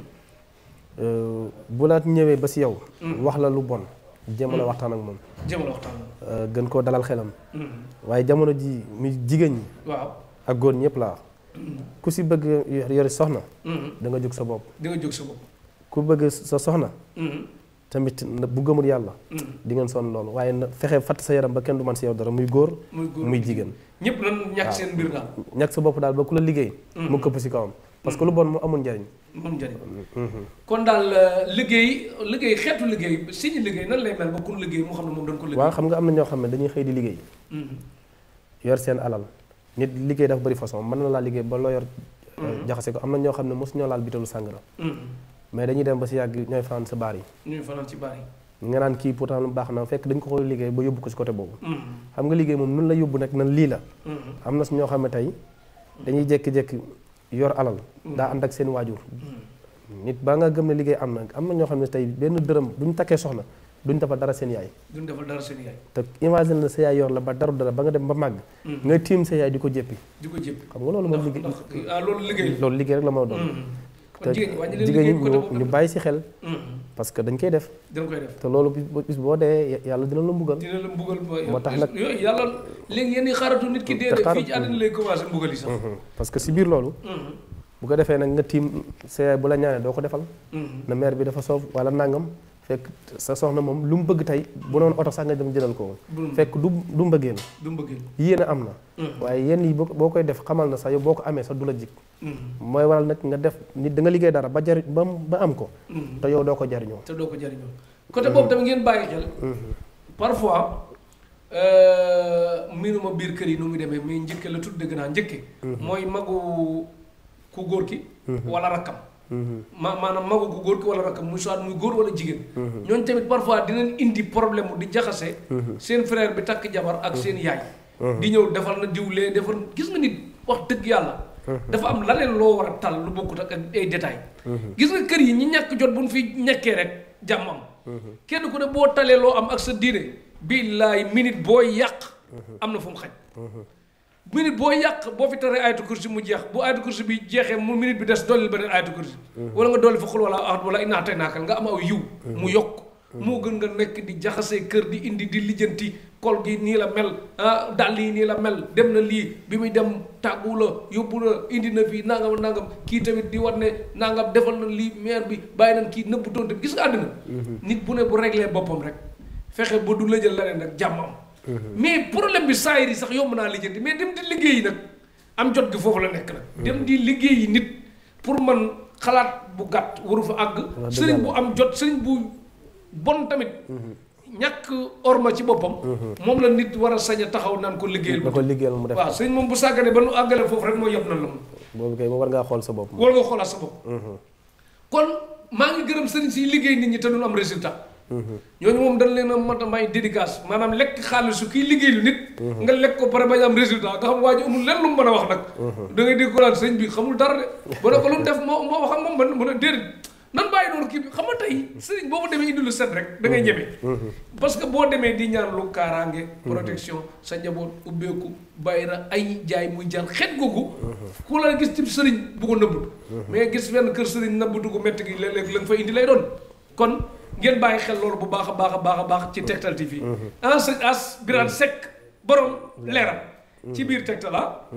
euh, bu la ñëwee ba si yow mm. wax la lu bon jéem mm. waxtaan ak moom jéem euh, gën koo dalal xelam mm. waaye jamono ji muy jigéen ñi waaw ak góor ñëpp laa ku si bëgg yori soxna da sa bopp jóg sa bopp ku bëgg sa soxna tamit bu gëmul yàlla. Mm. di ngeen sonn loolu waaye na fexe fatt sa yaram ba kenn du man si yow dara muy góor. muy góor muy jigéen. ñëpp dañu ñàkk seen mbir daal. ñàkk sa bopp daal ba ku la liggéey. Mm. mu këpp si kawam. parce que mm. lu bon mu amul njariñ. amul njariñ. Mm-hmm. kon daal euh, liggéey liggéey xeetu liggéey si ñu liggéey nan lay mel ba ku liggéey mu xam ne moom dañu ko liggéey. waaw xam nga am na ñoo xam ne dañuy xëy di liggéey. Mm-hmm. yor seen alal nit liggéey dafa bëri façon mën na laa liggéey ba loo yor. Mm-hmm. Euh, jaxase am na ñoo xam ne mosu ñoo laal bitalu sàngara mais dañuy dem ba si yàgg ñooy fanaan sa baar yi. ñooy fanaan ci naan kii pourtant baax naa fekk dañ ko xool liggéey ba yóbbu ko si côté boobu. Mm-hmm. xam nga liggéey moom nun la yóbbu nag nan lii la. Mm-hmm. am na si ñoo xam ne tey dañuy jékki-jékki yor alal. Mm-hmm. daa ànd ak seen waajur. nit baa nga gëm ne liggéey am na am na ñoo xam ne tey benn dërëm bu ñu takkee soxna duñ defal dara seen yaay. duñ defal dara seen yaay. te imagine na sa yaay yor la ba daru dara ba nga dem ba màgg. nga tiim sa yaay di ko jéppi. di ko jéppi nga loolu moom ah, loolu liggéey rek la doon. te jigéen ñi ñu bàyyi si xel. Mm-hmm. parce que dañ koy def. te loolu bis boo dee yàlla dina la mbugal. dina moo tax nag yàlla léegi yéen xaaratu nit ki dee fii ci àddina lay commencé mbugal yi sax. Mm-hmm. parce que si biir loolu. Mm-hmm. bu ko defee nag nga tiim sa bu la ñaanee doo ko defal. na maire bi dafa soof wala nangam. fekk sa soxna moom lu mu bëgg tey bu noonu oto sax nga dem jëlal ko woon fekk du du mbëggeel yéen a am na mm. waaye yenn yi boo koy def xamal na sax yow boo ko amee sax du la jik mm. mooy waral nag nga def nit da liggéey dara ba jari ba ba am ko mm. te yow doo ko jariñoo te doo ko jariñoo côté boobu tamit ngeen bàyyi xel mm-hmm. parfois euh, miinu ma biir kër yi nu muy demee mais njëkke la tudd dëgg naa njëkke mm-hmm. mooy magu ku góor ki mm-hmm. wala rakkam ma maanaam magu ko góor ki wala rakk muy soit muy góor wala jigéen ñooñ tamit parfois dinañ indi problème di jaxase seen frère bi takk jabar ak seen yaay di ñëw defal na diwlee defal gis nga nit wax dëgg yàlla dafa am laneen loo war a tal lu bokkut ak ay détail gis nga kër yi ñi ñàkk jot bu buñ fi ñekkee rek jàmm am kenn ku ne boo talee loo am ak sa diine billaay minute booy yàq am na fu mu xaj minute boo yàq boo fi taree ayatu kursi mu jeex bu ayatu kursi bi jeexee mu minute bi des dolli beneen ayatu kursi mm-hmm. wala nga dolli fa xul wala ahad wala innaa tey naakal nga am aw yiw mm-hmm. mu yokk mm-hmm. moo gën nga nekk di jaxasee kër di indi di lijjanti kol gi nii la mel ah dàll yi nii la mel dem na lii bi muy dem tàggu la indi na fii nangam nangam kii tamit di war ne nangam defal na lii maire bi bàyyi nañ kii nëbbu doon gis nga àddina nit bu ne bu réglé boppam rek fexe ba du lëjal leneen nag jàmm am mais problème bi saayir yi sax yomb naa lijjanti mais dem di liggéeyi nag am jot gi foofu la nekk nag. Mm-hmm. dem di liggéeyi nit pour man xalaat bu gàtt waru fa àgg. sëriñ bu am jot sëriñ bu bon tamit. Mm-hmm. ñàkk orma ci boppam. Mm-hmm. moom la nit war a sañ a taxaw naan ko liggéeyal. na ko liggéeyal mu def waaw sëriñ moom bu sàggane ba nu àggale foofu rek mooy yob na la moom. boobu kay war ngaa xool sa bopp. war nga xoolaat sa kon maa ngi gërëm sëriñ si liggéey nit ñi te duñu am résultat. ñooñu moom dañ leen a mat a may maanaam lekk xaalisu kiy liggéeyu nit nga lekk ko pare bañ am résultat nga xam waa ji amul lenn lu mu mën a wax nag da ngay dégg ko naan sëñ bi xamul dara de ba ne lu mu a xam nga tey sëriñ boo fa demee indi lu set rek da ngay ñeme parce que boo demee di ñaan lu kaaraange protection sa njaboot ubbeeku bàyyi na ay jaay muy jar xet googu ku la gis ci sëriñ bu ko nëbbut mais gis fenn kër sëriñ nëbbutu ko métti gi léeg-léeg la nga fay indi lay doon kon ngeen bàyyi xel loolu bu baax a baax a baax a baax ci Tektal TV. en mhm. as Birane mhm. Seck borom mhm. leeram ci biir Tektal ah.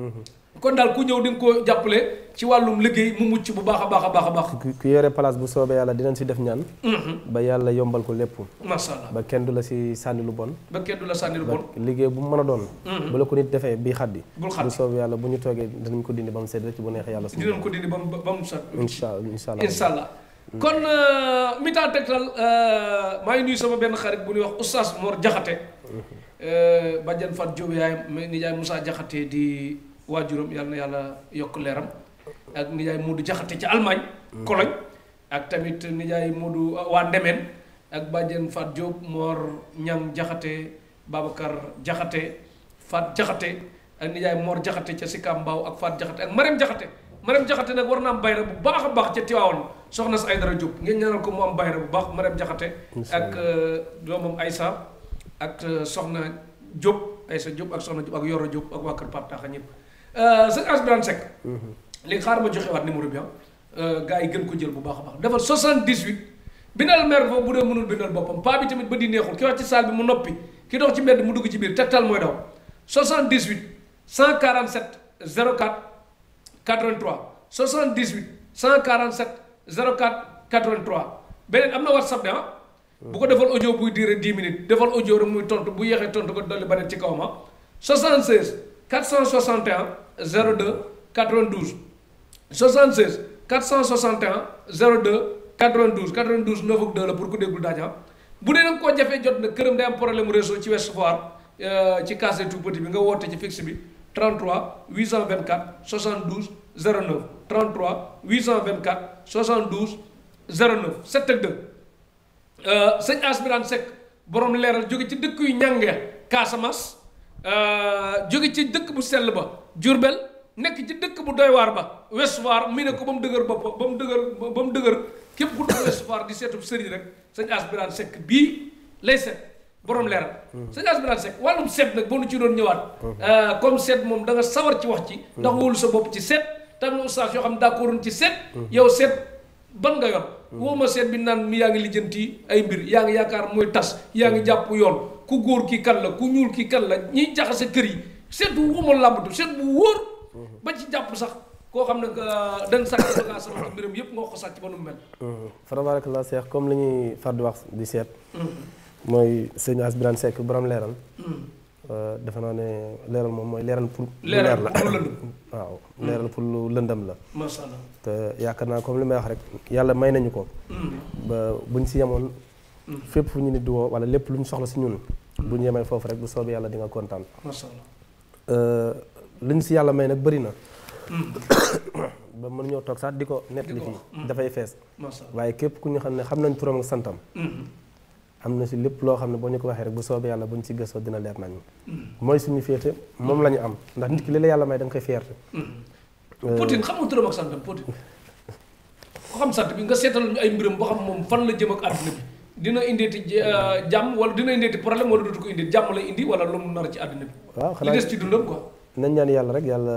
kon daal ku ñëw di nga ko jàppale ci wàllum liggéey mu mucc bu baax a baax a baax a baax. ku yore place bu soobee yàlla dinañ si def ñaan. ba yàlla yombal ko lépp. macha allah ba kenn du la si sànni lu bon. ba kenn du la sànni liggéey bu mu mën a doon. bu la ko nit defee bii xaddi. bul xaddi bu ñu toogee dinañ ko dindi ba mu set rek bu neex yàlla. dinañ ko dindi ba kon euh, mitaan tegtal euh, maa ngi nuyu sama benn xarit bu ñuy wax oustaz Mor Jaxate euh, bàjjan Fat Diop yaay nijaay Moussa Jaxate di waajuram yàlla na yàlla yokk leeram ak nijaay Modou ci Allemagne tamit nijaay Modou waa Ndemeen ak bàjjan Fat Diop Mor Ñang Jaxate Babacar Jaxate Fat Jaxate ak nijaay Mor Jaxate ca Sika Mbaaw ak Fat Jaxate ak Marème Jaxate Marème Jaxate nag war na am bayra bu baax a baax ca Tiwaawan soxna si Aydara Diop ngeen ñaanal ko mu am bayra bu baax Marème Jaxate ak euh, doomam ay Aïssa ak euh, soxna Diop Aïssa Diop ak soxna Diop ak Yoro Diop ak waa kër Pape Taxa ñëpp euh, sëñ Asbirane Seck mhm. léegi xaar ma joxe waat numéro bi ah. gars yi gën ko jël bu baax a baax defal 78 bindal maire boobu bu dee mënul bindal boppam paa bi tamit ba di neexul ki wax ci salle bi mu noppi ki dox ci mbedd mu dugg ci biir tegtal mooy daw 78 147 04 83 78 147 04 83 beneen am na whatsapp de ah. bu ko defal audio buy diire 10 minutes defal audio rek muy tontu bu yéexee tontu ko dolli beneen ci kawam ah 76 461 02 92 76 461 02 92 92 9 ak 2 la pour ku déggul daañu ah. bu dee nag koo jafee jot na këram day am problème mu réseau ci Ouest Foire euh, ci case tout petit bi nga woote ci fixe bi. 33 824 72 09 33 824 72 09 7 ak 2 euh, sëñ Asbirane Seck borom leeral jóge ci dëkk yu ñànge Casamance euh, jóge ci dëkk bu sell ba Diourbel nekk ci dëkk bu doy waar ba Ouest Foire mi ne ko ba mu dëgër bopp ba mu dëgër ba mu dëgër képp ku dugg Ouest Foire di seetub sëriñ rek sëñ Asbirane Seck bii lay seet borom leeral mm-hmm. sëñ Asbiraan Seck wàllum seet nag boo nu ci doon ñëwaat mm-hmm. euh, comme seet moom danga sawar ci wax ci mm-hmm. ndax wóolu sa bopp ci seet tam na ustaas yoo xam d'accorduñ ci seet yow seet ban nga yor woo ma seet bi naan yaa ngi lijjanti ay mbir yaa ngi yaakaar mooy tas yaa ngi jàpp yoon ku góor kii kan la ku ñuul kii kan la ñiy jaxase kër yi seet bu wóoma làmbatu seet bu ba ci jàpp sax koo xam ne dañ sàcc nga sama mbiram yëpp nga ko sàcc ba nu mel fa tabarakallah seex comme li far di wax di seet mooy sëñ Asbirane Seck boroom leeral. Hmm. Euh, defe naa ne leeral moom mooy leeral pour. leer la waaw leeral pour lu lëndam hmm. la. macha te yaakaar naa comme li may wax rek yàlla may nañu ko. Hmm. ba buñ si yemoon. fépp fu ñu nit di woo wala lépp lu ñu soxla si ñun. bu ñu yemee foofu rek bu soobee yàlla dinga nga kontaan. macha allah euh, liñ si yàlla may nag bëri na. ba mën ñoo toog sax di ko. nettali fii dafay fees. waaye képp ku ñu xam ne xam nañ turam ak santam. am na si lépp loo xam ne boo ñu ko waxee rek bu soobee yàlla bu ñu si gëstoo dina leer nañ mooy suñu féete moom la ñu am ndax nit ki la yàlla may da koy fierté mm-hmm. euh, Poutine xam nga ak xam sant bi nga seetal ay mbiram boo xam moom fan la jëm ak àdduna bi dina indeeti euh, jàmm wala dina indeeti problème wala dootu ko indi jàmm ci àdduna bi waaw xanaa li nañ ñaan yàlla rek yàlla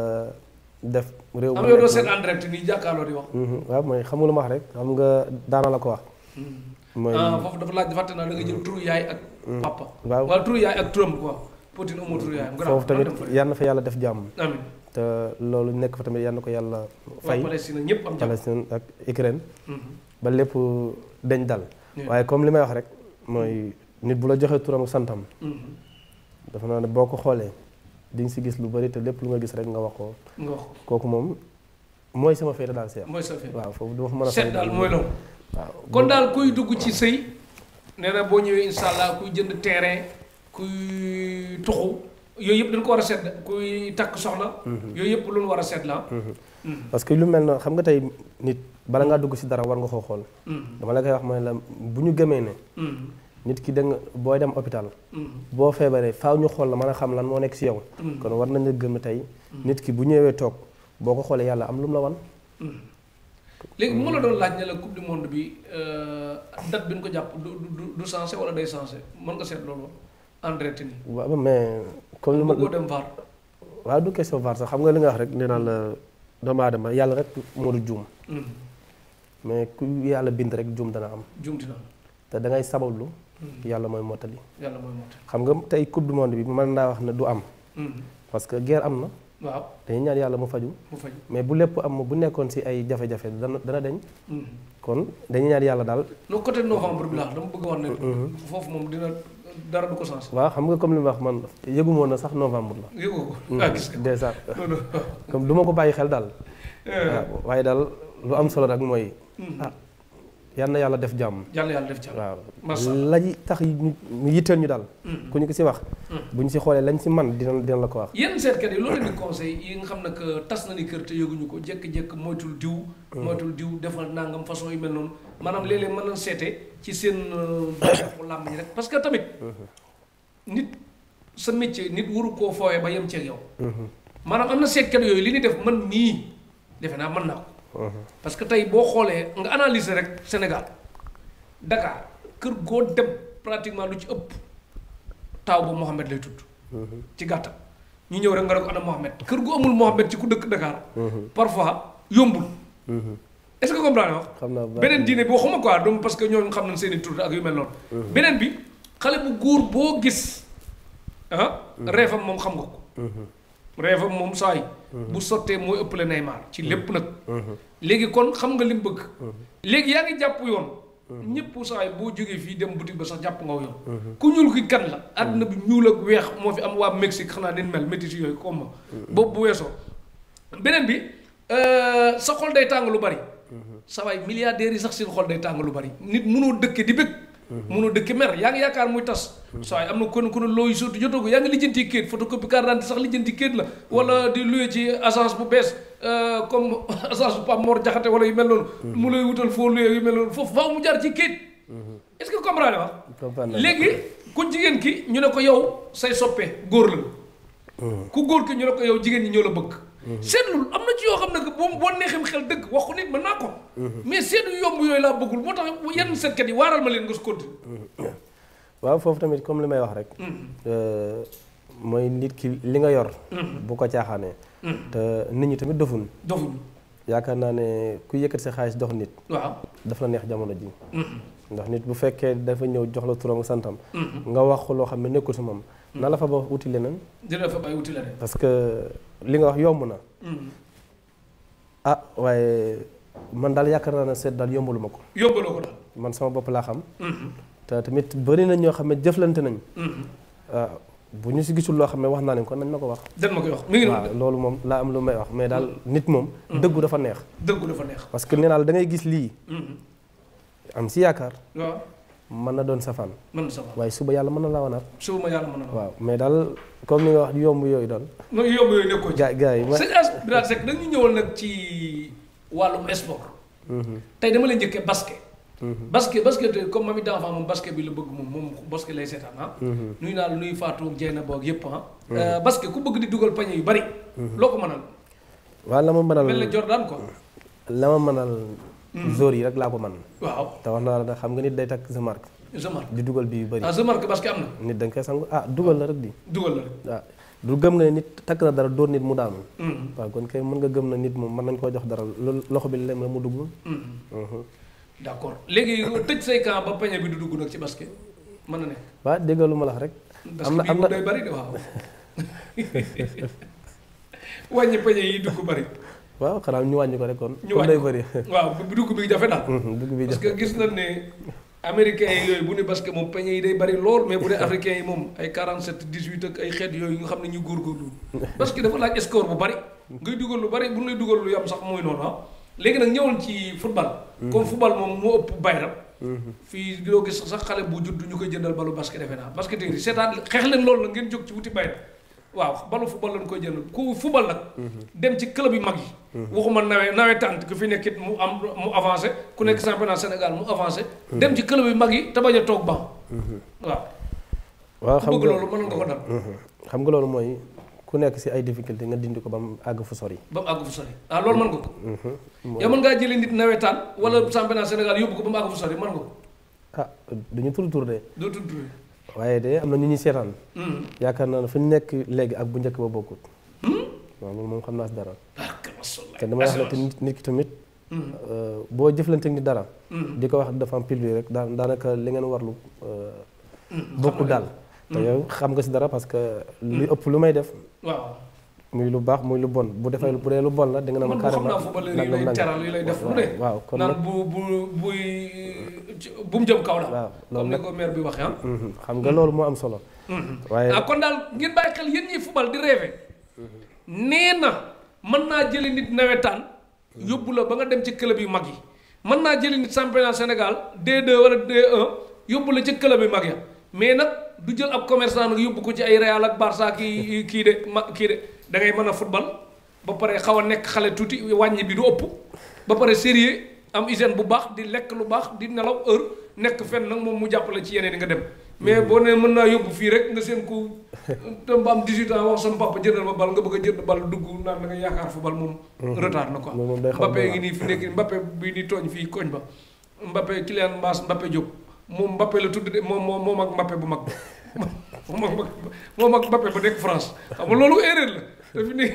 def réew am yow doo seet en direct nii jàkkaarloo di wax mm-hmm. waaw mooy xamul ma wax rek xam nga daana la ko wax mm-hmm. Ah, foofu dafa laaj fàtte naa da nga jël turu yaay ak mm. papa waaw wala turu yaay ak turam quoi Poutine amoo turu yaayam foofu tamit yal na fa yàlla def jàmm amiin te loolu nekk fa tamit yal na ko yàlla fay Palestine ñëpp am Palestine ak Ukraine mm-hmm. ba lépp dañ dal waaye comme li may wax rek mooy nit bu la joxee turam santam mm-hmm. dafa naa ne boo ko xoolee di nga si gis lu bari te lépp lu nga gis rek nga wax ko nga wax kooku moom mooy sama fayda daal seet mooy sa fayda waaw foofu du ma fa mën a seet daal mooy loolu kon daal kuy dugg ci sëy nee na boo ñëwee incha allah kuy jënd terrain kuy tuxu yooyu yëpp dañ ko war a seet kuy takk soxna. Mhm. yooyu yëpp loolu war a seet la mhm. Mhm. parce que lu mel na xam nga tey nit bala ngaa dugg si dara war nga koo xool. dama la koy wax mooy la bu ñu gëmee ne. nit ki da nga booy dem hôpital. boo feebaree faaw ñu xool la mën a xam lan moo nekk si yow. kon war nañu gëm tey. nit ki bu ñëwee toog boo ko xoolee yàlla am lu mu la wan. léegi bu la doon laaj ne la coupe du monde bi euh, date bi ñu ko jàpp du du du sensé day sensé mën nga seet loolu waaw mais comme lu ma ko dem VAR. waaw du question VAR sax xam nga li nga wax rek ne naa la doomu aadama yàlla rek moo du juum. Mm-hmm. mais ku yàlla bind rek juum dana am. juum dina am te dangay ngay sabablu. Mm-hmm. yàlla mooy mottali. yàlla mooy mottali xam nga tey coupe du monde bi mën naa wax ne du am. Mm-hmm. parce que am na. waaw dañuy ñaar yàlla mu faju mais bu lépp am bu nekkoon si ay jafe-jafe dana dana mm-hmm. kon dañuy ñaar yàlla daal no côté novembre bi laa dama bëgg wax ne mm-hmm. foofu moom dina dara du ko sens waaw xam nga comme li ma wax man yëgu moon na sax novembre la yëgu ko mm-hmm. ah, déjà comme du ma ko bàyyi xel daal euh. ah, waaye daal lu am solo rek mooy ah, yal na yàlla def jàmm. yal na yàlla def jàmm waaw. lañ tax ñu yitteel ñu daal. Mm-hmm. ku ñu ko si wax. Mm-hmm. bu ñu si xoolee lañ si man dina dina la ko wax. yéen seetkat yi loolu yi nga xam ne tas na ni kër te yëguñu ko jékki-jékki moytul diw. Mm-hmm. moytul diw defal nangam façon yu mel noonu maanaam léeg-léeg mën na seete ci seen euh, làmb yi rek parce que tamit. nit sa métier nit waru koo fooyee ba yem ci yow. maanaam am na seetkat yooyu li ñuy def man nii defe naa man naa ko. parce que tey boo xoolee nga analyser rek Sénégal Dakar kër goo dem pratiquement lu ci ëpp taw ba Mohamed lay tudd. Mhm. ci gàttal ñu ñëw rek nga ne ko ana Mohamed kër gu amul Mohamed ci ku dëkk Dakar. Mhm. parfois yombul. Mhm. est-ce que comprendre wax. xam naa beneen diine bi waxuma quoi donc parce que ñooñu xam nañ seen i tur ak yu mel noonu. beneen bi xale bu góor boo gis ah. reefam moom xam nga ko. reefam moom saay yi bu sottee mooy ëppale Neymar ci lépp nag. léegi kon xam nga lim bëgg. léegi yaa ngi jàpp yoon. ñëpp saay boo jógee fii dem boutique ba sax jàpp nga yoon. ku ñuul ki kan la. àdduna bi ñuul ak weex moo fi am waa Mexique xanaa dañ mel métis yooyu comme ma. boobu bu weesoo beneen bi euh, sa xol day tàng lu bari. sa waay milliardaires yi sax seen xol day tàng lu bari nit mënoo dëkke di bëgg. mënoo mhm. dëkk mer yaa ngi yaakaar muy tas mhm. saa yi am na kon kon looyu sotti joto ko yaa ngi lijjanti kayit photocopie carte d'identité sax lijjanti kayit la mhm. wala di loué ci agence bu bees euh, comme agence bu Pape Mor Jaxate wala yu mel noonu mu lay wutal foo loué yu mel noonu foofu faaw mu jaar ci kayit est-ce que comprendre wax léegi ku jigéen ki ñu ne ko yow say soppe góor la ku góor ki ñu ne ko yow jigéen ñi ñoo la bëgg seetlul am na ci yoo xam ne que boo boo xel dëgg waxu nit mën naa ko. mais seetu yomb yooyu laa bëggul moo tax yenn seetkat yi waaral ma leen nga su continuer. waaw foofu tamit comme li may wax rek. Hmm. Euh, li nga yor. Hmm. bu ko caaxaanee. Hmm. nit ñi tamit doful. doful yaakaar naa ne ku yëkkat sa xaalis dox nit. waaw daf la neex jamono ji. ndax nit bu fekkee dafa ñëw jox la turam santam. nga wax xam ne nekkul si moom. la fa ba wuti leneen. dina li nga wax yomb na. Mm-hmm. ah waaye man daal yaakaar naa ne seet daal yombalu ma ko. yombaloo ko daal. man sama bopp laa xam. Mm-hmm. te tamit bëri na ñoo xam ne jëflante nañ. Mm-hmm. Ah, bu ñu si gisul loo xam ne wax naa leen ko nañ ma ko wax. am lu may wax mais daal nit moom. dëggu dafa neex. dëggu dafa neex. parce que nee naa la da gis lii. am si yaakaar. mën na doon safaan. mën na safaan waaye suba yàlla mën na laa wanaat. suba ma yàlla mën na la waaw mais daal comme ni nga wax yomb yooyu daal. mooy yomb yooyu nekkoo ci. gars gars yi ma sëñ As Birane Seck dañu ñëwal nag ci wàllum sport. Mhm. tey dama leen njëkkee basket. Mhm. basket basket comme mami d'enfant moom basket bi la bëgg moom moom basket lay seetaan ah. Mhm. nuyu naa nuyu Fatou ak Dieng boog yëpp ah. Euh, basket ku bëgg di dugal pañe yu bari. loo ko mënal. waaw la ma mënal mel ne Jordan quoi. la ma mënal. jour mm-hmm. yi rek laa ko man waaw te wax naa la nag xam nga nit day takk zemark zemark di dugal bi yu bëri ah zemark parce que am na nit da nga koy sangu ah dugal la rek di dugal la rek waaw ah, du gëm nga ne nit takk na dara dóor nit mu daanu mm-hmm. na nit moom mën nañ koo jox dara loxo bi lem la mu dugg mm-hmm. d'accord léegi tëj say camp ba peñe bi du dugg nag ci basket mën na nekk waaw déggalu ma la rek am na am na day bëri de waaw wàññi peñe yi dugg bëri waaw xanaa ñu wàññi ko rek kon. ñu wàññi ko waaw dugg bi jafe daal. Mm-hmm, dugg bi jafe parce que gis nañ ne. américains yooyu bu ne parce que moom peñe yi day bari lool mais bu dee africains yi moom ay 47 18 ak ay xeet yooyu nga xam ne ñu góorgóorlu parce que dafa laaj score bu bari. ngay dugal lu bari bu ñu lay dugal lu yam sax mooy noonu ah. léegi nag ñëwal ci football. Mm-hmm. comme football mm-hmm. fii doo sax xale bu ñu koy jëndal balu basket defe naa basket yi seetaan xeex leen loolu la ngeen jóg wuti bayram. waaw balu football lañ koy jël ku football nag. dem ci club yu mag yi. waxuma nawe nawetaan ku fi nekkit mu am mu avancé ku nekk championnat Sénégal mu avancé. dem ci club yu mag yi te bañ a toog ban. waaw. waaw xam nga loolu mën ko dal. Mhm. xam nga loolu mooy ku nekk si ay difficulté nga dindi ko ba mu àgg fu sori. ba mu àgg ah, loolu mën nga ko. Mhm. yow mën ngaa jëlee nit nawetaan wala championnat Sénégal yóbbu ko ba mu àgg fu sori mën nga ko. ah duñu tur tur de. du tur tur waaye de am na ñu ñuy seetaan. Hmm. yaakaar naa ne fu ñu nekk léegi ak bu njëkk ba bokkut. Hmm? waaw loolu moom xam naa si dara. te dama wax ne nit nit ki tamit. Hmm. Euh, boo jëflanteeg ni dara. di ko wax dafa am rek daan daanaka li ngeen warlu. Euh, bokkut daal. te yow xam nga si dara parce que. ëpp lu may def. muy lu baax muy lu bon bu defee bu dee lu bon la di nga ne ma carrément man xam lay teral yi lay def lu ne waaw kon naan bu bu buy bu mu jëm kaw loolu la ko bi waxee ah. Mhm. xam loolu moo am solo. Mhm. waaye ah, kon daal ngeen bàyyi xel yéen ñiy fubal di rêvé. Mhm. nee na mën naa jëli nit nawetaan. yóbbu la ba nga dem ci club yu mag yi. mën naa jëli nit championnat Sénégal D2 wala d yóbbu la ci club yu mag ya mais nag du jël ab commerçant nag yóbbu ko ci ay Real ak Barça kii kii de ma kii de. da ngay mën a football ba pare xaw a nekk xale tuuti wàññi bi du ëpp ba pare sérieux am hygiène bu baax di lekk lu baax di nelaw heure nekk fenn nag moom mu jàppale ci yeneen di nga dem. mais boo nee mën naa yóbbu fii rek nga seen ku dem ba am 18 ans wax sama papa ma bal nga bëgg a jënd bal dugg naan da yaakaar fa bal moom. Mhm. retard na quoi Mbappé ngi fi nekk Mbappé bii di tooñ fii koñ ba Mbappé Kylian Mbass Mbappé Diop moom Mbappé la tudd de moom moom ak Mbappé bu mag moom ak Mbappé bu nekk France xam nga loolu erreur la. dafa nekk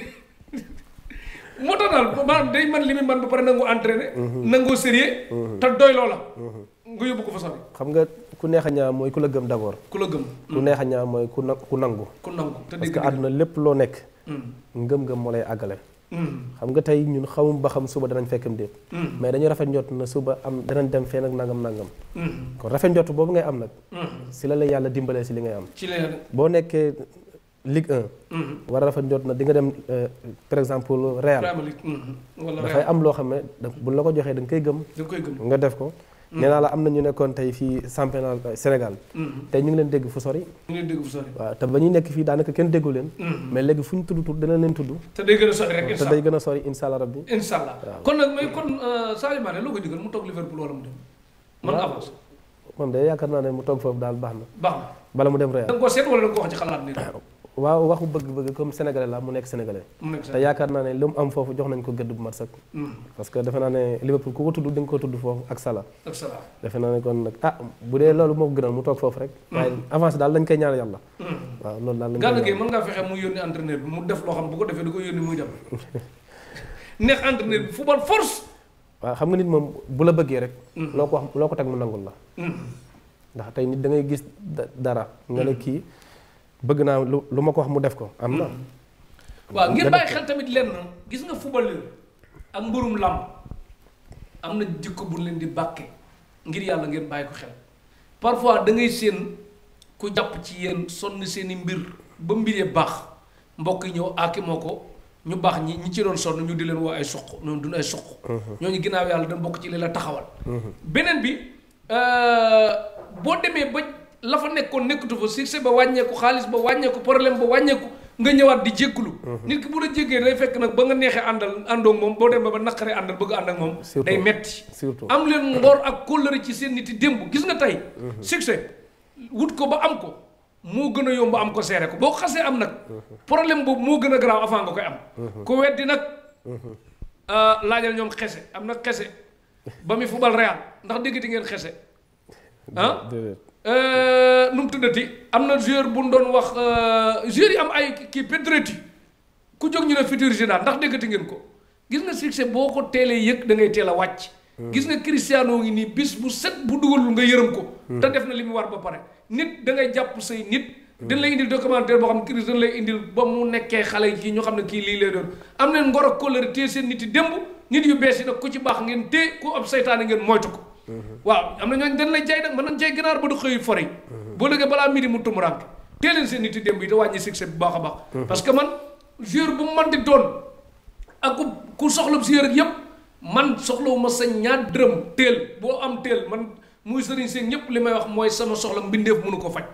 moo tax daal maanaam day man li muy man ba pare nangu entraîné. Mhm. nangoo sérieux. Mhm. te doy loola. Mhm. nga yóbbu ko fa sori. xam nga ku neex a ñaar mooy ku la gëm d' abord. ku la gëm. ku neex a ñaar mooy ku na ku nangu. ku nangu te dégg parce que àdduna lépp loo nekk. ngëm-ngëm moo lay àggale. xam nga tey ñun xamum ba xam suba danañ fekkam déet. mais dañu rafet njot na suba am danañ dem fee nag nangam nangam. kon rafet njot boobu ngay am nag. si la la yàlla dimbalee si li ngay am. boo nekkee. Ligue 1. Mm-hmm. war a rafet njot na di nga dem euh, par exemple Real. Mm-hmm. dafay am loo xam ne buñ la ko joxee da nga koy gëm. da nga def ko. Mm-hmm. nee naa la am na ñu nekkoon tey fii championnat euh, Sénégal. tey ñu ngi leen dégg fu sori. ñu ngi waaw te ba ñuy nekk fii daanaka kenn déggu leen. mais léegi fu ñu tudd tudd dana leen tudd. te day gën a sori rek incha allah te day gën a sori incha allah rabbi. incha allah kon nag mais kon euh, Sadio Mané loo ko digal mu toog Liverpool wala mu dem. mën avance. man de yaakaar naa ne mu toog foofu daal baax na. baax mu dem Real. waaw waxu bëgg-bëgg comme sénégalais la mu nekk sénégalais. te yaakaar naa ne lu mu am foofu jox nañ ko gëdd bu mat mm. parce que defe naa ne Liverpool ku ko tudd di nga ko tudd foofu ak Salah. ak Salah defe naa ne kon nag ah bu dee loolu moo ko gënal mu toog foofu rek. Mm. waaye avance daal dañ koy ñaan yàlla. Mm. waaw loolu daal lañ koy ñaan gàllankoor mën ngaa fexe mu yónni entraîneur bi mu def loo xam ne bu ko defee du ko yónni muy dem neex entraîneur football force. waaw xam nga nit moom bu la bëggee rek. loo ko wax loo ko teg mu nangul la. ndax tey nit da ngay gis dara nga kii bëgg naa lu lu ma ko wax mu def ko am na. Mm-hmm. waaw ngir bàyyi xel tamit lenn gis nga footballeur ak mbërum làmb am na jikko bu leen di bàkke ngir yàlla ngeen bàyyi ko xel parfois da ngay seen ku jàpp ci yéen sonn seeni mbir ba mbiree baax mbokk yi ñëw aaki moo ko ñu baax ñi ñi ci doon sonn ñu di leen woo ay suq ñoom duñu ay suq mm-hmm. ñooñu ginnaaw yàlla dañ bokk ci li la taxawal mm-hmm. beneen bi euh, boo demee ba la fa nekkoon nekkatu fa succès ba wàññeeku xaalis ba wàññeeku problème ba wàññeeku nga ñëwaat di jégglu mhm. nit ki bu la jéggee day fekk nag ba nga neexee àndal àndoog moom boo demee ba naqaree àndal bëgg ànd ak moom day metti am leen ngor ak kóllëre ci seen nit yi démb gis nga tey mhm. succès wut ko ba am ko moo gën a yomb am ko seere ko boo xasee am nag mhm. problème boobu moo gën a garaaw avant nga koy am ku weddi nag ah, laajal ñoom xese am na xese ba muy fubal Real ndax déggati ngeen xese ah? Euh, nu mu tuddati am na joueur bu ñu doon wax euh, joueur yi am ay kii Pedretti ku jóg ñu ne futur Zidane ndax déggati ngeen ko gis nga succès boo ko teelee yëg da ngay teel a wàcc. Hmm. gis nga Cristiano ngi nii bis bu set bu dugalul nga yërëm ko. Hmm. te def na li mu war ba pare nit da ngay jàpp say nit. Hmm. dañ lay indil documentaire boo xam ne Chris lay indil ba mu nekkee xale yi ñu xam ne kii lii lay doon am nañ ngor ak kóllëre seen nit yi démb nit yu bees yi nag ku ci baax ngeen téye ku ab saytaane ngeen moytu Mm-hmm. waaw am na ñooñ dañ lay jaay nag mën nañ jaay ganaar ba du xëy fori mm-hmm. boo lëgee balaa midi mu tumuraanke teeleen seen nit yi démb yi te wàññi succès bu baax a baax mm-hmm. parce que man joueur bu man di ak ku ku soxla si yërëg yëpp man soxlawuma sa ñaan dërëm teel boo am teel man muy sëriñ seen ñëpp li may wax mooy sama soxla mbindeef mënu ko faj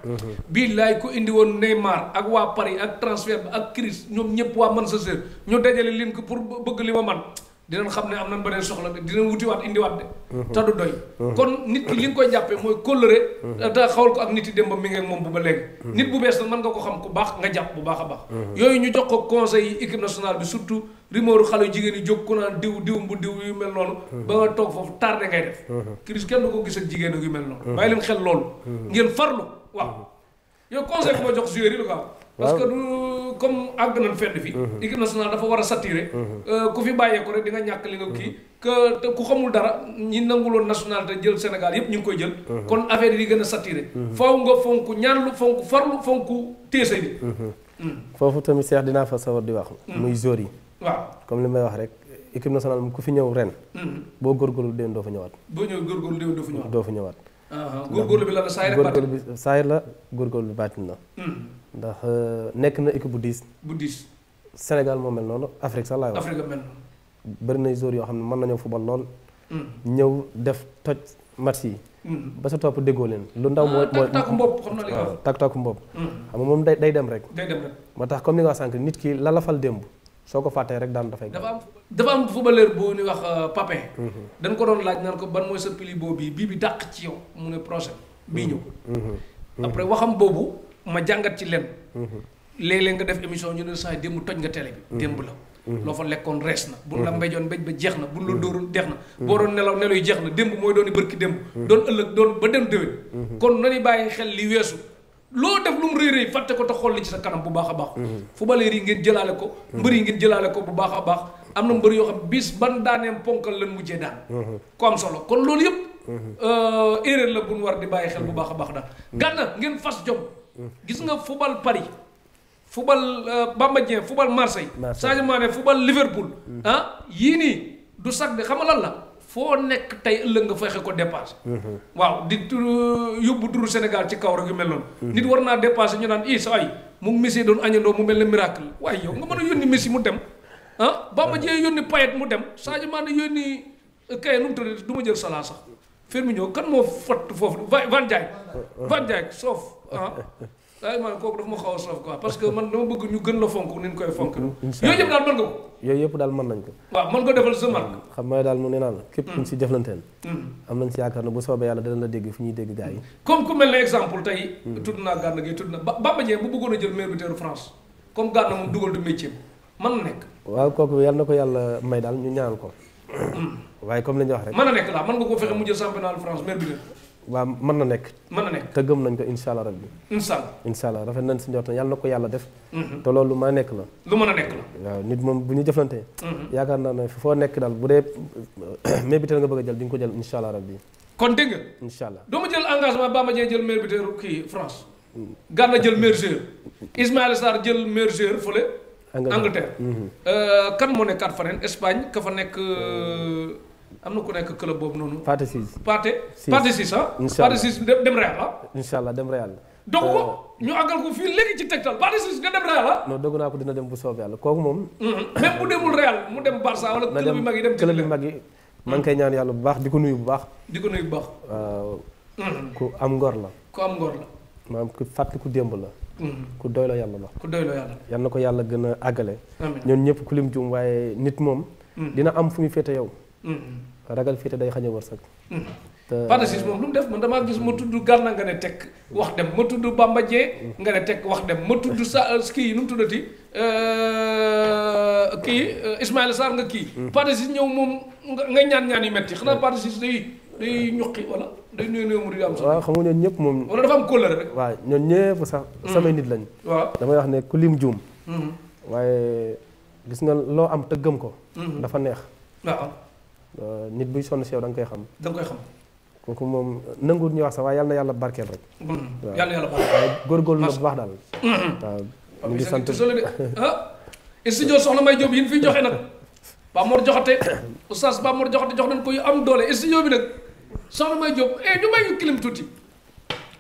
bii laay ko indi woon Neymar ak waa Paris ak transfert bi ak Chris ñoom ñëpp waa sa Manchester ñu dajale leen ko pour bëgg li ma man dinañ xam ne am na beneen soxla de dinañ wutiwaat indiwaat de. Mhm. te doy. Mhm. kon nit li nga koy jàppee mooy kóllëre. Mhm. te xawal ko ak nit dem ba mi ngi moom bu ba léegi. nit bu bees nag mën nga ko xam ku baax nga jàpp bu baax a baax. yooyu ñu jox ko conseil yi équipe nationale bi surtout rumeur xale jigéen yi jóg ku naan diw diw bu diw yu mel noonu. ba nga toog foofu tardé ngay def. crise kenn du ko gis ak jigéen yu mel noonu. bàyyi leen xel loolu. ngeen fa waaw. yow conseil bi ma jox joueur yi lu ko parce que du comme àgg nañ fenn fii. Mhm. équipe nationale dafa war a saturer. Mhm. Euh, ku fi bàyyeeku rek di ñàkk li nga mhm. kii. que ku xamul dara ñi nanguloon nationalité jël Sénégal yépp ñu ngi koy jël. kon affaire yi di gën a saturer. faaw nga fonk ñaanlu fonk farlu fonk téese bi. Mm. foofu tamit Cheikh dinaa fa sawar di wax. Mm. muy joueurs yi. waaw comme li may wax rek équipe nationale ku fi ñëw ren. Mm. boo góorgóorlu déwén doo fa ñëwaat. boo ñëw góorgóorlu déwén doo fa ñëwaat. doo fa ñëwaat. Ah, ah. góorgóorlu bi la la saayir la góorgóorlu ndax euh, nekk na équipe bu diis. bu diis. Sénégal moo mel noonu Afrique sax laay wax. Afrique mel noonu. na joueurs yoo xam ne mën nañoo football lool. Mm. ñëw def toj match yi. Mm. ba sa topp déggoo leen. lu ndaw mooy mooy ah, takk mbopp xam na li nga wax. takk takk mbopp. Mm. xam nga moom day day dem rek. day dem rek moo tax comme ni nga wax sànq nit ki la la démb. soo ko fàttee rek daan dafay. dafa am dafa am footballeur bu wax euh, Papin. Mm-hmm. dañ ko doon laaj naan ko ban mooy sa pili boobu bii bi dàq ci yow mu ne projet bii ñëw. Mm-hmm. Mm-hmm. après waxam ma jàngat ci leen mhm. léeg-léeg nga def émission ñu ne saa yi démb toj nga télé bi mhm. démb la mhm. loo fa lekkoon rees na bu la mbejoon mbéj ba jeex na bu la dóoroon deex na boo doon nelaw nelaw yi jeex na démb mooy doon bërki démb doon ëllëg doon ba dem déwén kon nañu bàyyi xel li weesu loo def lu mu rëy rëy ko te xool li ci sa kanam bu baax a baax footballeur yi ngeen jëlaale ko mbër yi ngeen jëlaale ko bu baax a baax am na mbër yoo xam bis ban daaneem ponkal lan mujjee daan ko am solo kon loolu yëpp euh, erreur la bu ñu war di bàyyi xel bu baax a baax daal gànna ngeen fas jom gis nga football Paris football euh, Bamba Dieng football Marseille. Sadio Mané football Liverpool. Mm. ah yii nii du sag bi xam nga lan la. foo nekk tey ëllëg nga fexe ko dépassé. Mm-hmm. waaw di euh, yóbbu duru Sénégal ci kaw rek yu mel noonu. Mm-hmm. nit war naa dépassé ñu naan i sa ay mu Messi doon añandoo mu mel ne miracle waaye yow nga mën a yónni Messi mu dem ah Bamba mm-hmm. yónni Payet mu dem Sadio Mané yónni euh, Kay nu du ma jël Salah sax Firmino kan moo fott foofu Van Dijk Van Dijk soof. ah waaye man kooku dafa ma xaw a soof quoi parce que man dama bëgg ñu gën la fonk ni ñu koy fonk. yooyu yëpp daal man nga ko. yooyu yëpp daal mën nañ ko. waaw mën ko daal mu ne naan. képp ku ñu mm. si jëflanteel. Mm. am nañ si yaakaar ne bu soobee yàlla dana la dégg fu ñuy dégg gars yi. comme ku mel ne mm. na ba Bamba Dieng bu a jël meilleur buteur France comme gànn moom dugal du métier ko yàlla may daal ñu ñaanal ko. waaye comme li ñu wax rek. mën na nekk daal mën nga koo fexe mu jël championnat de France meilleur buteur waaw mën na nekk. mën na nekk te gëm nañ ko incha allah rabbi. incha allah incha allah yàlla def. Mhm. te loolu lu a nekk la. lu mën a nekk la. waaw nit moom bu ñu jëflantee. Mhm. yaakaar naa ne foo nekk daal bu dee mébiteel nga bëgg a jël di nga ko jël incha allah rabbi. kon dégg nga. incha allah doo ma jël engagement Bamba Dieng jël mébiteel kii France. Mm. Gana jël meilleur joueur Ismaïla Sarr jël meilleur joueur fële. Angleterre Angleterre. Mhm. Euh, kan moo faneen Espagne ka fa nekk. Euh, am na ku nekk club boobu noonu. Pathé Ciss Pathé. Ciss Pathé Ciss ah. incha dem Real ah. incha allah dem Real. donc euh, ñu àggal ko fii léegi ci tegtal Pathé Ciss nga dem Real ah. non dogg naa ko dina dem bu soob yàlla kooku moom. Mm-hmm. même mu dem Barça dem club yu yi. maa ngi koy ñaan yàlla bu baax di ko nuyu bu baax. di euh, mm-hmm. ku am ngor la. ku am ngor la. maanaam ku fàttali ku démb la. Mm-hmm. ku doyloo yàlla la. ku doyloo yàlla. yal na ko yàlla gën a àggale. amiin ñun ñëpp ku lim waaye nit moom. dina am fu ñu féete yow ragal fii te day xañ a wërsëg. Patachis moom lu mu def man damaa gis ma tudd gànna nga ne tekk wax dem ma tudd Bamba Dieng nga ne tekk wax dem ma tudd sa euh, kii yi nu mu tuddati euh, kii euh, Ismaïla Sarr nga kii. Patachis ñëw moom nga ñaan ñaan yu metti xanaa Patachis day day ñuqi wala day nuyu nuyu mu di am sax. waaw xam nga ñoom ñëpp moom. wala dafa am kóllëre rek. waaw ñoom ñëpp sax. Mm. samay nit lañ. waaw damay wax ne ku juum. Mm-hmm. waaye gis nga loo am te ko. Mm-hmm. dafa Euh, nit buy sonn si yow da koy xam. da koy xam. kooku moom nanguwut ñu wax sax waaye yàlla na yàlla barkeel rek. Mm. yàlla yàlla barkeel waaw góorgóorlu na bu baax daal. Mm-hmm. waaw mm-hmm. ñu ngi sant ah. studio soxna May Diop yi ñu fiy nag. Ba Mor Joxate oustaz Ba Mor Joxate jox nañ ko yu am doole studio bi nag soxna May Diop eh kilim tuuti.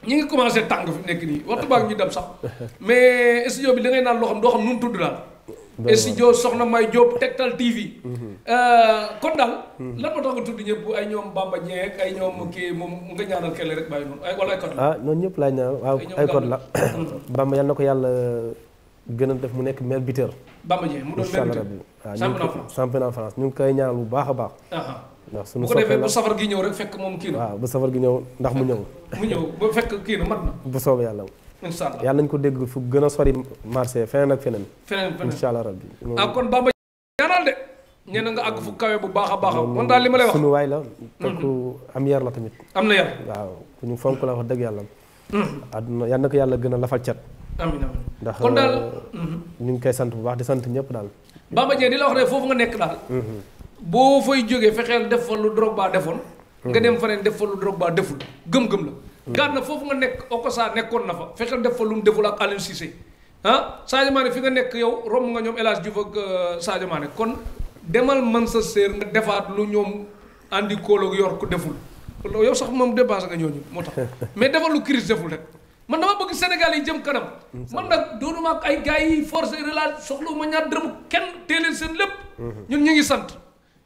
ñu ngi commencé tàng fi mu nekk nii waxtu baa ngi dem sax mais studio bi da ngay naan loo xam doo xam nu mu tudd daal. studio Soxna May Diop Tektal TV. Mhm. Euh, kon daal. Mhm. lan moo tax nga tudd ñëpp ay ñoom Bamba Dieng ay ñoom kii moom nga ñaanal kele rek bàyyi noonu ay wala ay code la. ah noonu ñëpp laay ñaan waaw ay code la. Mhm. Bamba yal na ko yàlla euh, gën a def mu nekk meilleur buteur. Bamba Dieng mu doon meilleur buteur. Ah, ñu ngi koy ñaanal bu baax a baax. ndax suñu bu ko ñëw rek fekk moom kii na. gi ñëw ndax mu ñëw. mu soobee yàlla. incha allah yàlla nañu ko dégg fu gën a sori marché feneen ak feneen. feneen feneen incha allah rabbi. ah kon Bamba ñaanal de. nee na nga àgg fu kawe bu baax a baax. daal li ma lay wax la. te mhm. ku am yar la tamit. am na yar waaw ku ñu fonk la wax dëgg yàlla. Mhm. àdduna yal na ko yàlla gën a lafal cat. amiin amiin ndax kon daal. Euh, mhm. ñu ngi koy sant bu baax di sant ñëpp daal. Bamba Dieng di wax de foofu nga nekk daal. boo fay jógee fexeel def fa lu drogue baa defoon. nga dem faneen def fa lu drogue baa deful gëm-gëm la na foofu nga nekk Okosa nekkoon na fa fexeel def fa lu mu deful ak Aliou Cissé ah Sadio fi nga nekk yow romb nga ñoom El Hadj Diouf ak euh, Sadio Mané kon demal Manchester nga defaat lu ñoom indi kóoloo yor ko deful yow sax moom dépassé nga ñooñu moo tax mais defal lu crise deful rek. man dama bëgg Sénégal yi jëm kanam. man nag doonuma ak ay gars yi forcé relâche soxla ma ñaar dërëm kenn téeleen seen lépp. Mhm. ñun ñu ngi sant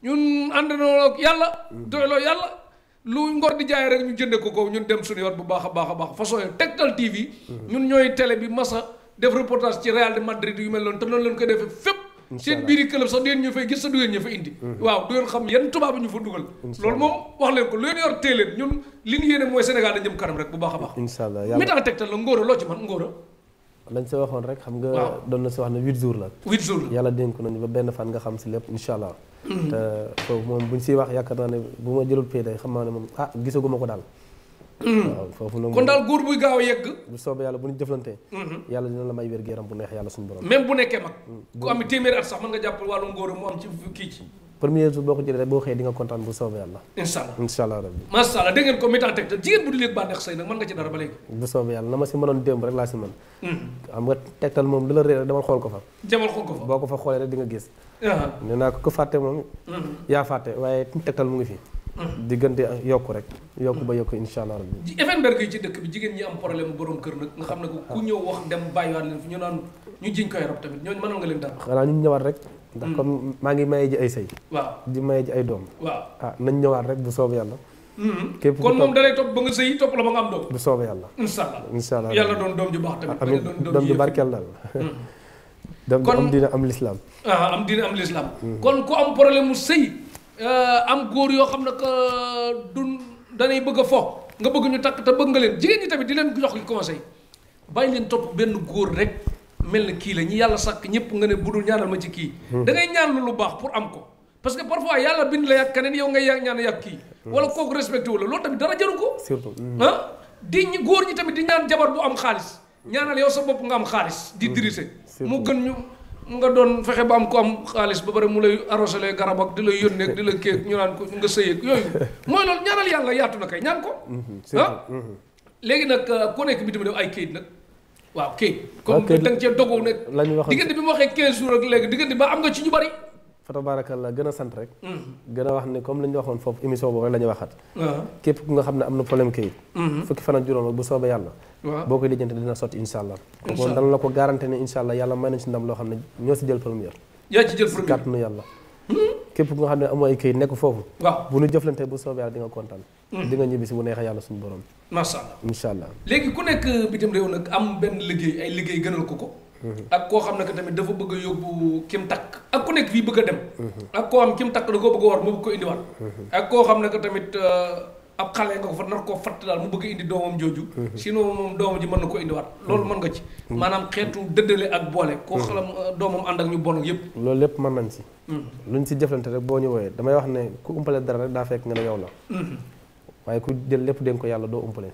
ñun ànd na yàlla mhm. doyloo lu ngor di jaay rek ñu jënde ko ko ñun dem suñu yoon bu baax a baax a baax façon yooyu Tektal TV. ñun ñooy télé bi masa def reportage ci Real de Madrid yu mel noonu te leen koy defee fépp. seen indi. Mm-hmm. waaw du ngeen xam yan ñu fa dugal. loolu moom wax leen ko lu leen yor téye leen ñun li ñu yéene mooy Sénégal da jëm kanam rek bu baax a baax. incha allah yàlla la ngóora loo ci man ngóora. lañ sa waxoon rek xam nga doon na si wax ne huit jours la huit jours la yàlla dénk nañu ba benn fan nga xam si lépp incha allah mm-hmm. te foofu moom ñu siy wax yaakaar naa ne bu ma jëlul pay day xam naa ne moom ah gisaguma ko daal mm-hmm. waaw foofu noonu kon daal góor buy gaaw a bu soobee yàlla bu ñu jëflantee mm-hmm. yàlla dina la may wér-gu-yaram bu neex yàlla suñu borom même bu nekkee mag ku am téeméeri at sax mën nga jàpp wàllu ngóor mu am ci kii ci premier jour boo ko jëlee rek boo xëyee di nga kontaan bu soobee yàlla incha allah rabbi macha allah dégg ngeen ko mitan tegtal jigéen bu di bànneex sëy nag mën nga ci dara ba bu soobee yàlla na ma si mënoon démb rek laa si mën hmm. xam boo ko fa di nga gis nee naa ko ko fàtte moom hmm. yaa fàtte waaye tegtal mu ngi fi hmm. diggante yokku rek yokku ba yokku incha allah rabbi Effenberg yi ci dëkk bi jigéen ñi am problème borom kër nag nga xam ne ah. ku ñëw wax dem bàyyiwaat leen fi ñu naan ñu jiñ koy rab tamit ndax comme maa ngi maye ji ay sëy waaw di maye ji ay doom waaw ah, nañ ñëwaat rek bu soob yàlla mm-hmm. képp kon moom dalay topp ba nga sëy topp la ba nga am doom bu soobee yàlla incha allah incha allah yàlla doon doom ju baax tamit ah, doom ju barkeel daal mm-hmm. doom ju am lislaam ah, am dina lislaam mm-hmm. kon ku am problème mu sëy euh, am góor yoo xam ne que du danay bëgg a fo nga bëgg ñu takk te bëgg nga leen jigéen ñi tamit di leen jox conseil bàyyi leen topp benn góor rek mel na kii la ñi yàlla sàkk ñëpp nga ne budul ñaanal ma ci kii. Hmm. da ngay ñaan lu baax pour am ko. parce que parfois yàlla bind la yàgg keneen yow ngay yàgg ñaan yàgg kii. Hmm. wala kooku respecté wu la loolu tamit dara jaru ko. surtout hmm. ah di ñi góor ñi tamit di ñaan jabar bu am xaalis. ñaanal yow sa bopp nga am xaalis. di dirise mu gën ñu. nga doon fexe ba am ko am xaalis ba pare mu lay arrosé lay garab ak di la yónneeg di la kéeg ñu naan ko nga sëyeeg yooyu mooy loolu ñaanal yàlla yaatu na kay ñaan ko ah? léegi nag euh, ku nekk bi tamit ay kayit nag waaw kii comme da cee dogu nag la ñu wax diggante bi mu waxee 15 jours ak léegi diggante ba am nga ci ñu bari fa tabaarakallaa gën a sant rek hmm. gën a wax ni comme la ñu waxoon foofu émission boobu rek la ñuy waxaat ah. képp ku nga xam ne am na problème kayit hmm. fukki fan ak juróom ak bu soobee yàlla boo koy lijjante dina sotti insha allah la ko garanté ne insha allah yàlla may nañ ci ndam loo xam ne ñoo si jël première yaa ci jël première kàttanu yàlla képp ku nga xam ne amoo ay këyit nekk foofu. waaw bu nu jëflante bu soobee yàlla di nga kontaan. Mm. di nga ñibbisi bu neexee yàlla suñu borom. macha allah incha allah. léegi ku nekk bitim réew nag am benn liggéey ay liggéey gënal ko ko. Mm-hmm. ak koo xam ne que tamit dafa bëgg a yóbbu kim takk ak ku nekk fii bëgg a dem. Mm-hmm. ak koo xam kim takk da koo bëgg a war mu bëgg ko indiwaat. Mm-hmm. ak koo xam ne que tamit. Euh, ab xale nga ko fa nar koo fatt daal mu bëgg indi doomam jooju mhm. sinon moom doomam ji mën na ko indiwaat loolu mhm. mën nga ci mhm. maanaam xeetu dëddale ak boole koo xalam euh, doomam ànd ak ñu bon yépp loolu lépp mën nañ si luñ si jëflante rek boo ñu wooyee damay wax ne ku umpale dara rek daa fekk nga ne yow la waaye ku jël lépp dénk ko yàlla doo umpale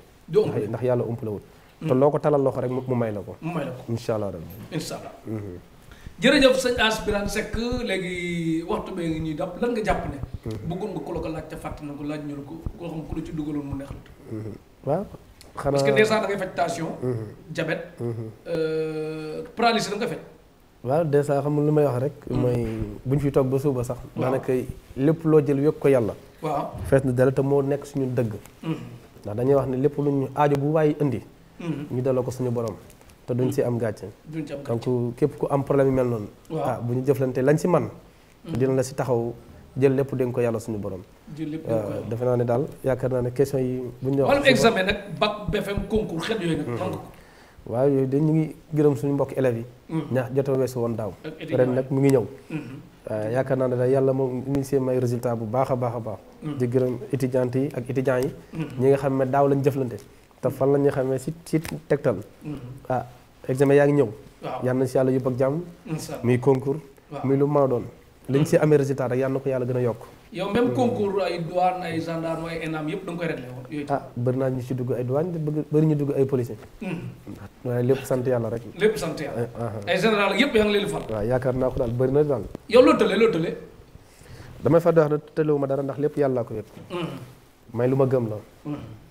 ndax yàlla umpale wut te loo ko talal loxo rek mu may la ko mu may la ko incha allah rabbi incha allah jërëjëf sëñ Ass Birane Seck léegi waxtu bee ngi ñuy dab lan nga jàpp ne. Mhm. bëggoon nga ku la ko laaj ca fàtt na ko laaj ñu ko koo xam ku la ci mu neex la. Mhm. waaw xanaa parce que dèjà da ngay faj tension. Mhm. diabète. Euh, xam lu may wax rek. mooy buñ fi toog ba suuba sax. waaw daanaka lépp loo jël yokk ko yàlla. waaw fees na dara te moo nekk suñu dëgg. ndax dañuy wax ne lépp lu ñu aajo bu waaye indi. ñu delloo ko suñu borom. te duñ si am gàcce. duñ si képp ku am problème yu mel noonu. Ah, bu ñu jëflante lañ si man mm-hmm. dina la si taxaw jël lépp dénk ko yàlla suñu borom. jël ah, defe naa ne daal yaakaar naa ne question yi. bu ñu wax wàllum examen nag mm-hmm. ngi gërëm suñu mbokk élèves yi. Mm-hmm. ñax jot a weesu woon daaw. ren nag mu ngi ñëw. Ah, yaakaar naa ne daal yàlla moom ñu ngi see may résultat bu baax a baax a baax. di gërëm étudiantes yi ak étudiants yi. ñi nga xam ne daaw lañ jëflante. te fan la ñuy xamee si si tegtal. examen yaa ngi ñëw. waaw yal nañ si yàlla yóbbu ak jàmm. muy concours. muy lu ma doon. Mm. liñ si amee résultat rek yal na ko yàlla gën a yokk. yow même concours ay douane ay gendarme ay ENAM yëpp da nga koy réglé woon. ah naa ñu si dugg ay douane bëgg bëri ñu dugg ay policier. Mm. waaye lépp sant yàlla rek. lépp sant yàlla. Eh, uh-huh. yaakaar naa ko daal bëri na daal. yow loo tëlee loo tëlee. damay fa wax ne tëlewu ma dara ndax lépp yàlla ko yëpp. Mm. may lu ma gëm la.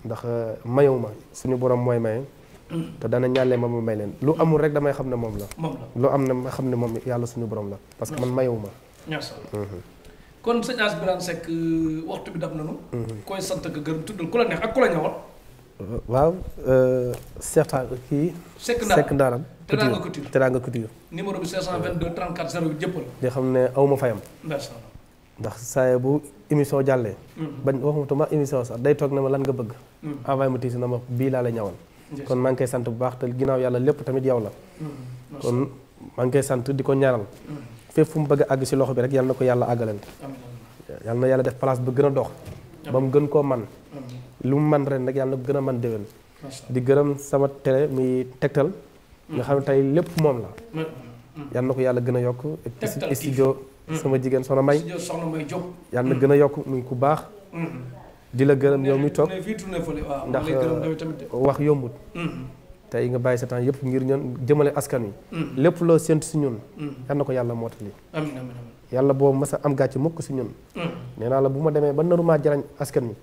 ndax eh, mayewu ma suñu borom mooy maye. te dana ñaanle ma ma may leen lu amul rek damay xam ne moom la. moom la lu am na ma xam ne moom yàlla suñu borom la. parce que man mayewuma. macha ma mhm. kon sëñ Ass Birane Seck euh, waxtu bi dab nañu. Mhm. koy sant ak gërëm tuddal ku la neex ak ku la ñëwal. Euh, waaw Cheikh kii. Seck Ndaram Seck Ndaram. Teranga Couture Teranga Couture. numéro xam ne aw ma fayam. ndax saa bu émission jàllee. Mhm. bañ waxuma émission sax day toog na ma lan nga bëgg. envoyé ma tiisi na ma bii laa la ñawal. kon maa ngi sant bu baax te ginnaaw yàlla lépp tamit yow la mm-hmm. kon maa ngi koy sant di ko ñaanal mm-hmm. fépp fu mu bëgg a àgg si loxo bi rek yal na ko yàlla àggalante yal na yàlla def place ba a dox ba mu gën koo man mm-hmm. lu mu man ren rek na ko gën man déwén di gërëm sama télé muy tegtal nga xam ne tey lépp moom la yal na ko yàlla gën a yokk studio sama jigéen soxna may soxna may Diop yal na gën a yokk mu ngi ku baax di la gërëm yow mi toog ndax euh, wax yombut mm-hmm. tey nga bàyyi sa temps yëpp ngir ñun jëmale askan wi mm-hmm. lépp loo sént si ñun mm-hmm. yal ko yàlla mootali yàlla boo ma a am gàcce mukk si ñun nee naa la bu ma demee ba naru maa jarañ askan wi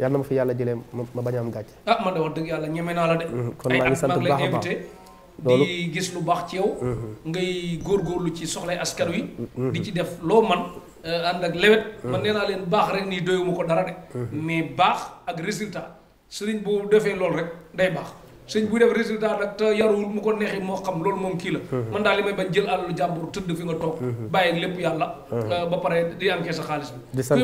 yàlla ma fi yàlla jëlee ma bañ a am gàcce ah man de wax dëgg naa la sant bu a baax di gis lu baax ci yow. Mhm. ngay góorgóorlu ci soxlay askan wi. Mhm. di ci def loo man euh, ànd ak lewet. Mhm. man nee naa leen baax rek nii doyuma ko dara de. mais baax ak résultat sëriñ boobu defee loolu rek day baax. sëñ buy def résultat nag te yaruwul mu ko neexee moo xam loolu moom kii la mhm. man daal li may bañ jël àlalu jàmbur tëdd fi nga toog mhm. bàyyi ak lépp yàlla mhm. euh, ba pare di enquête sa xaalis bi kuy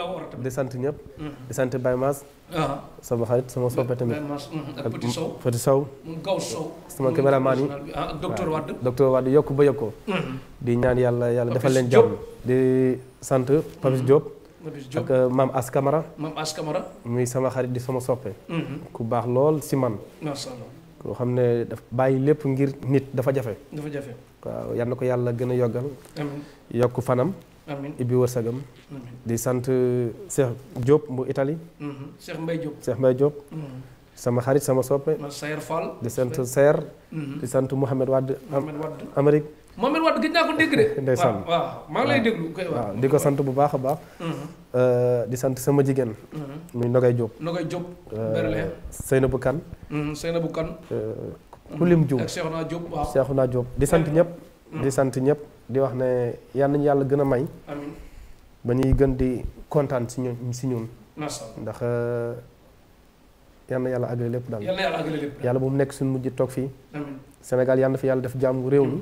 la war a di sant ñëpp uh-huh. sama xarit sama soppe tamit ak Petit Sow Petit Gaw Sow sama caméraman yi ak docteur Wade docteur Wade yokk ba yokkoo di ñaan yàlla defal leen jàmm di sant Papis Diop ak euh, maam As Camara. maam As Camara. muy sama xarit di sama soppe. Mm-hmm. ku baax lool si man. macha allah koo xam ne daf bàyyi lépp ngir nit dafa jafe. dafa jafe waaw yal na ko yàlla gën a yoggal. amiin yokk fanam. amiin ibbi wërsëgam. di sant euh, Cheikh Diop bu Italie. Mm-hmm. Cheikh Mbaye Diop mm-hmm. sama xarit sama soppe. di sant Sayer. di sant Mouhamed Wade. Amérique. Mohamed Wade waaw di ko sant bu baax a baax. Mm-hmm. Euh, di sant sama jigéen. Mm-hmm. muy Nogay Diop. Nogay Diop. bu kan Kane. Seynabou Kane. Mm-hmm, Kulim euh, Diop ak Cheikhouna Diop waaw Cheikhouna di sant ñëpp. di sant ñëpp di wax ne yal yàlla gën a may. amiin ba ñuy gën di kontaan si ñun si ñun. ndax euh, yal na yàlla àggale lépp daal. yàlla àggale lépp daal yàlla bu mu nekk suñu mujj toog fii. amiin Sénégal fi yàlla def jàmm réew mi.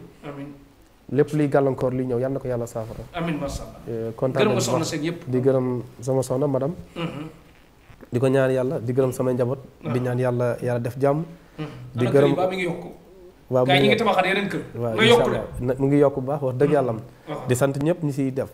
lépp luy gàllankoor li ñëw yal na ko yàlla saafara. amiin macha allah seen yëpp di gërëm sama soxna madame. Mm-hmm. di ko ñaan yàlla di gërëm samay njaboot. Ah. di ñaan yàlla yàlla def jàmm. Mm-hmm. di gërëm mi ngi yokk. waaw mu ngi yokk baax wax dëgg mm-hmm. yàlla am. Ah. di sant ñëpp ñu siy def.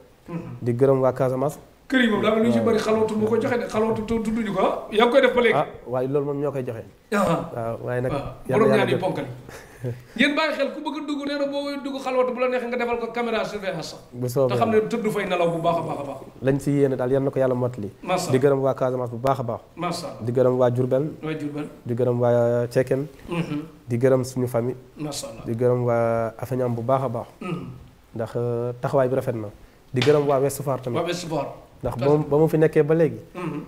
di gërëm waa Casamance. kër yi moom daal lu ci bëri xalootu moo koy joxe de xalootu tudduñu ko ah yaa koy def ba léegi. Ah, waaye loolu moom ñoo koy joxe. Ah, ah. waaw waaye nag. yàlla yàlla jël ponkal ngeen bàyyi xel ku bëgg a dugg nee na boo dugg xalootu bu la neexee nga defal ko caméra surveillance sax. te xam ne tëdd fay nelaw bu baax a baax a baax. lañ si yéene daal yal na ko yàlla mottali. di gërëm waa Casamance bu baax a baax. di gërëm waa Diourbel. waa di gërëm waa Cekkeen. Mm-hmm. di gërëm suñu famille. di gërëm waa Afeñam bu baax a baax. Mm-hmm. ndax euh, taxawaay bi rafet na. di gërëm waa ndax ba mu fi nekkee ba léegi mhm.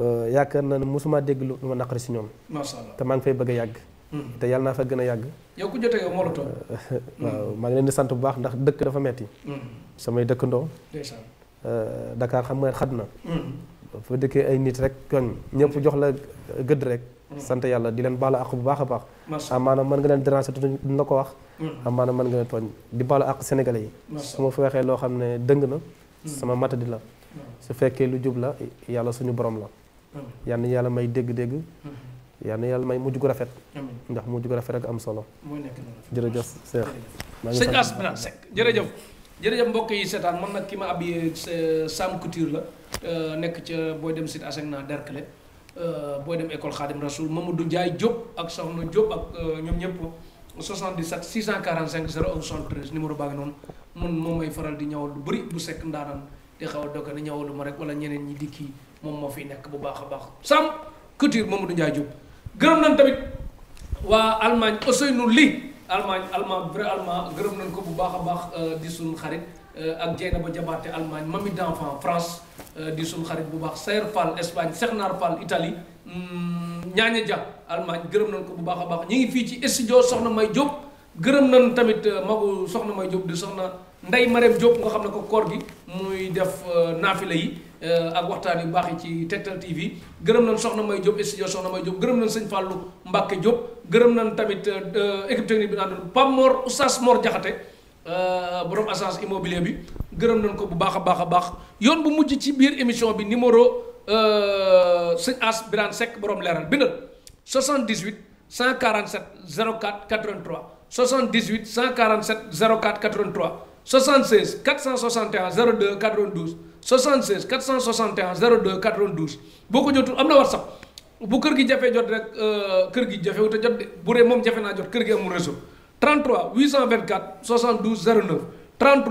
euh, yaakaar na ne mosuma dégg lu ma naqari si ñoom te maa ngi fay bëgg a yàgg mhm. te yàlla naa fa gën a yàgg yow ku jotee yow euh, mhm. maa ngi leen di sant bu baax ndax dëkk dafa metti samay dëkkandoo euh, dakaar xam nga xat na fa dëkkee ay nit rek koñ ñëpp jox la gëdd rek sant yàlla di leen baalu àq bu baax a baax am ah, maanaam man nga leen déranger te duñ la ko wax am ah, maanaam mën nga leen tooñ di baalu àq sénégalais yi su ma fi waxee loo xam ne dëng na sama matadi la su fekkee lu jub la yàlla suñu borom la yal na yàlla may dégg-dégg yal yàlla may mujj gu rafet ndax mujj gu rafet ak am solo jërëjëf Cheikh sëñ Asbina Seck jërëjëf jërëjëf mbokk yi seetaan man nag ki ma abiyee euh, Sam Couture la euh, nekk ca booy dem site asec na Derklé euh, booy dem école Khadim ma Mamadou jaay Diop ak na Diop ak ñoom ñëpp 77 645 01 73 numéro baa ngi noonu mun moom may faral di ñëwal lu bëri bu sekk ndaanaan di xaw a doog a ñëwalu ma rek wala ñeneen ñi di kii moom moo fi nekk bu baax a baax sam moom ma du Ndiaye Diop gërëm nañ tamit waa Allemagne Ousseynou Ly Allemagne allemand vrai allemand gërëm nañ ko bu baax a baax euh, di suñu xarit euh, ak Dieynaba Diabaté Allemagne mi d'enfant France euh, di suñu xarit bu baax Sayer Fall Espagne Sexnar Fall Italie mm, ñaaña ja Allemagne gërëm nañ ko bu baax a baax ñu ngi fii ci studio Soxna May jóg gërëm nañ tamit euh, magu soxna may jóg di soxna Ndey Marème Diop nga xam ne ko koor gi muy def euh, naafila yi euh, ak waxtaan yu baax yi ci Tektal TV gërëm nañ soxna may Diop studio soxna may Diop gërëm nañ sëñ Fallou mbàkke Diop gërëm nañ tamit équipe technique bi àndoon Pam moor Oustaz Mor Jaxate borom agence immobilier bi gërëm nañ ko bu baax a baax a baax yoon bu mujj ci biir émission bi numéro sëñ As Birane Seck borom leeral bindal 78 147 04 83 78 147 04 83 76 461 02 92 76 461 02 92 boo ko jotul am na WhatsApp bu kër gi jafee jot rek euh, kër gi jafewut a jot de bu dee moom jafe naa jot kër gi amul réseau 33 824 72 09 33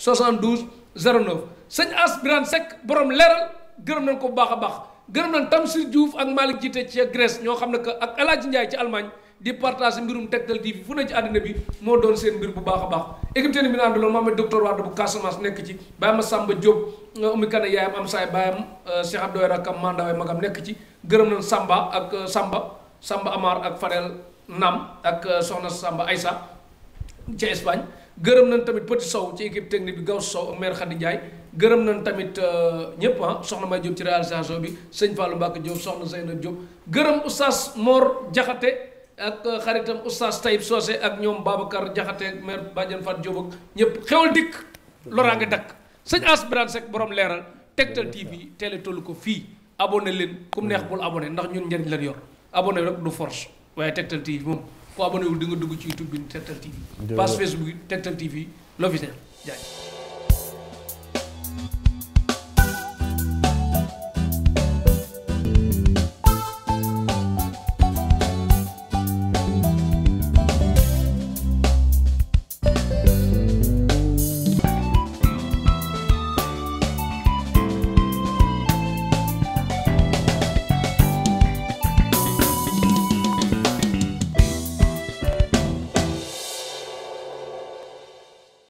824 72 09 sëñ As Birane Seck borom leeral gërëm nañ ko bu baax a baax gërëm nañ Tamsir Diouf ak Malick Jité ci Grèce ñoo xam ne que ak El Hadj ci Allemagne. di partage mbirum Tektal TV fu ne ci àddina bi moo doon seen mbir bu baax a baax équipe technique bi naan àndaloon moom it docteur Wade bu Casamance nekk ci Baye Samba Diop Oumy Kane yaayam am saay baayam euh, Cheikh Abdoulaye rakam Mandawe magam nekk ci gërëm nañ Samba ak euh, Samba Samba Amar ak Fadel Nam ak euh, Soxna Samba Aïssa ca Espagne gërëm nañ tamit Petit Sow ci équipe technique bi Gaw Sow ak maire Khady Ndiaye gërëm nañ tamit ñëpp ah soxna May Diop ci réalisation bi sëñ Fallou Mbacke Diop soxna Seyna Diop gërëm Oustaz Mor Diakhaté ak xaritam oustaz Taïb Socé ak ñoom Babacar Diakhaté maire Badiane Fat Diop ak ñëpp xewal dikk loraa ngi dakk sëñ As Birane Seck borom leeral Tektal TV télé tollu ko fii abonné leen ku mu neex bul abonné ndax ñun njëriñ leen yor abonné rek du force waaye Tektal TV moom ku abonné wul di nga dugg ci YouTube bi Tektal TV page Facebook yi Tektal TV l'officiel jaajëf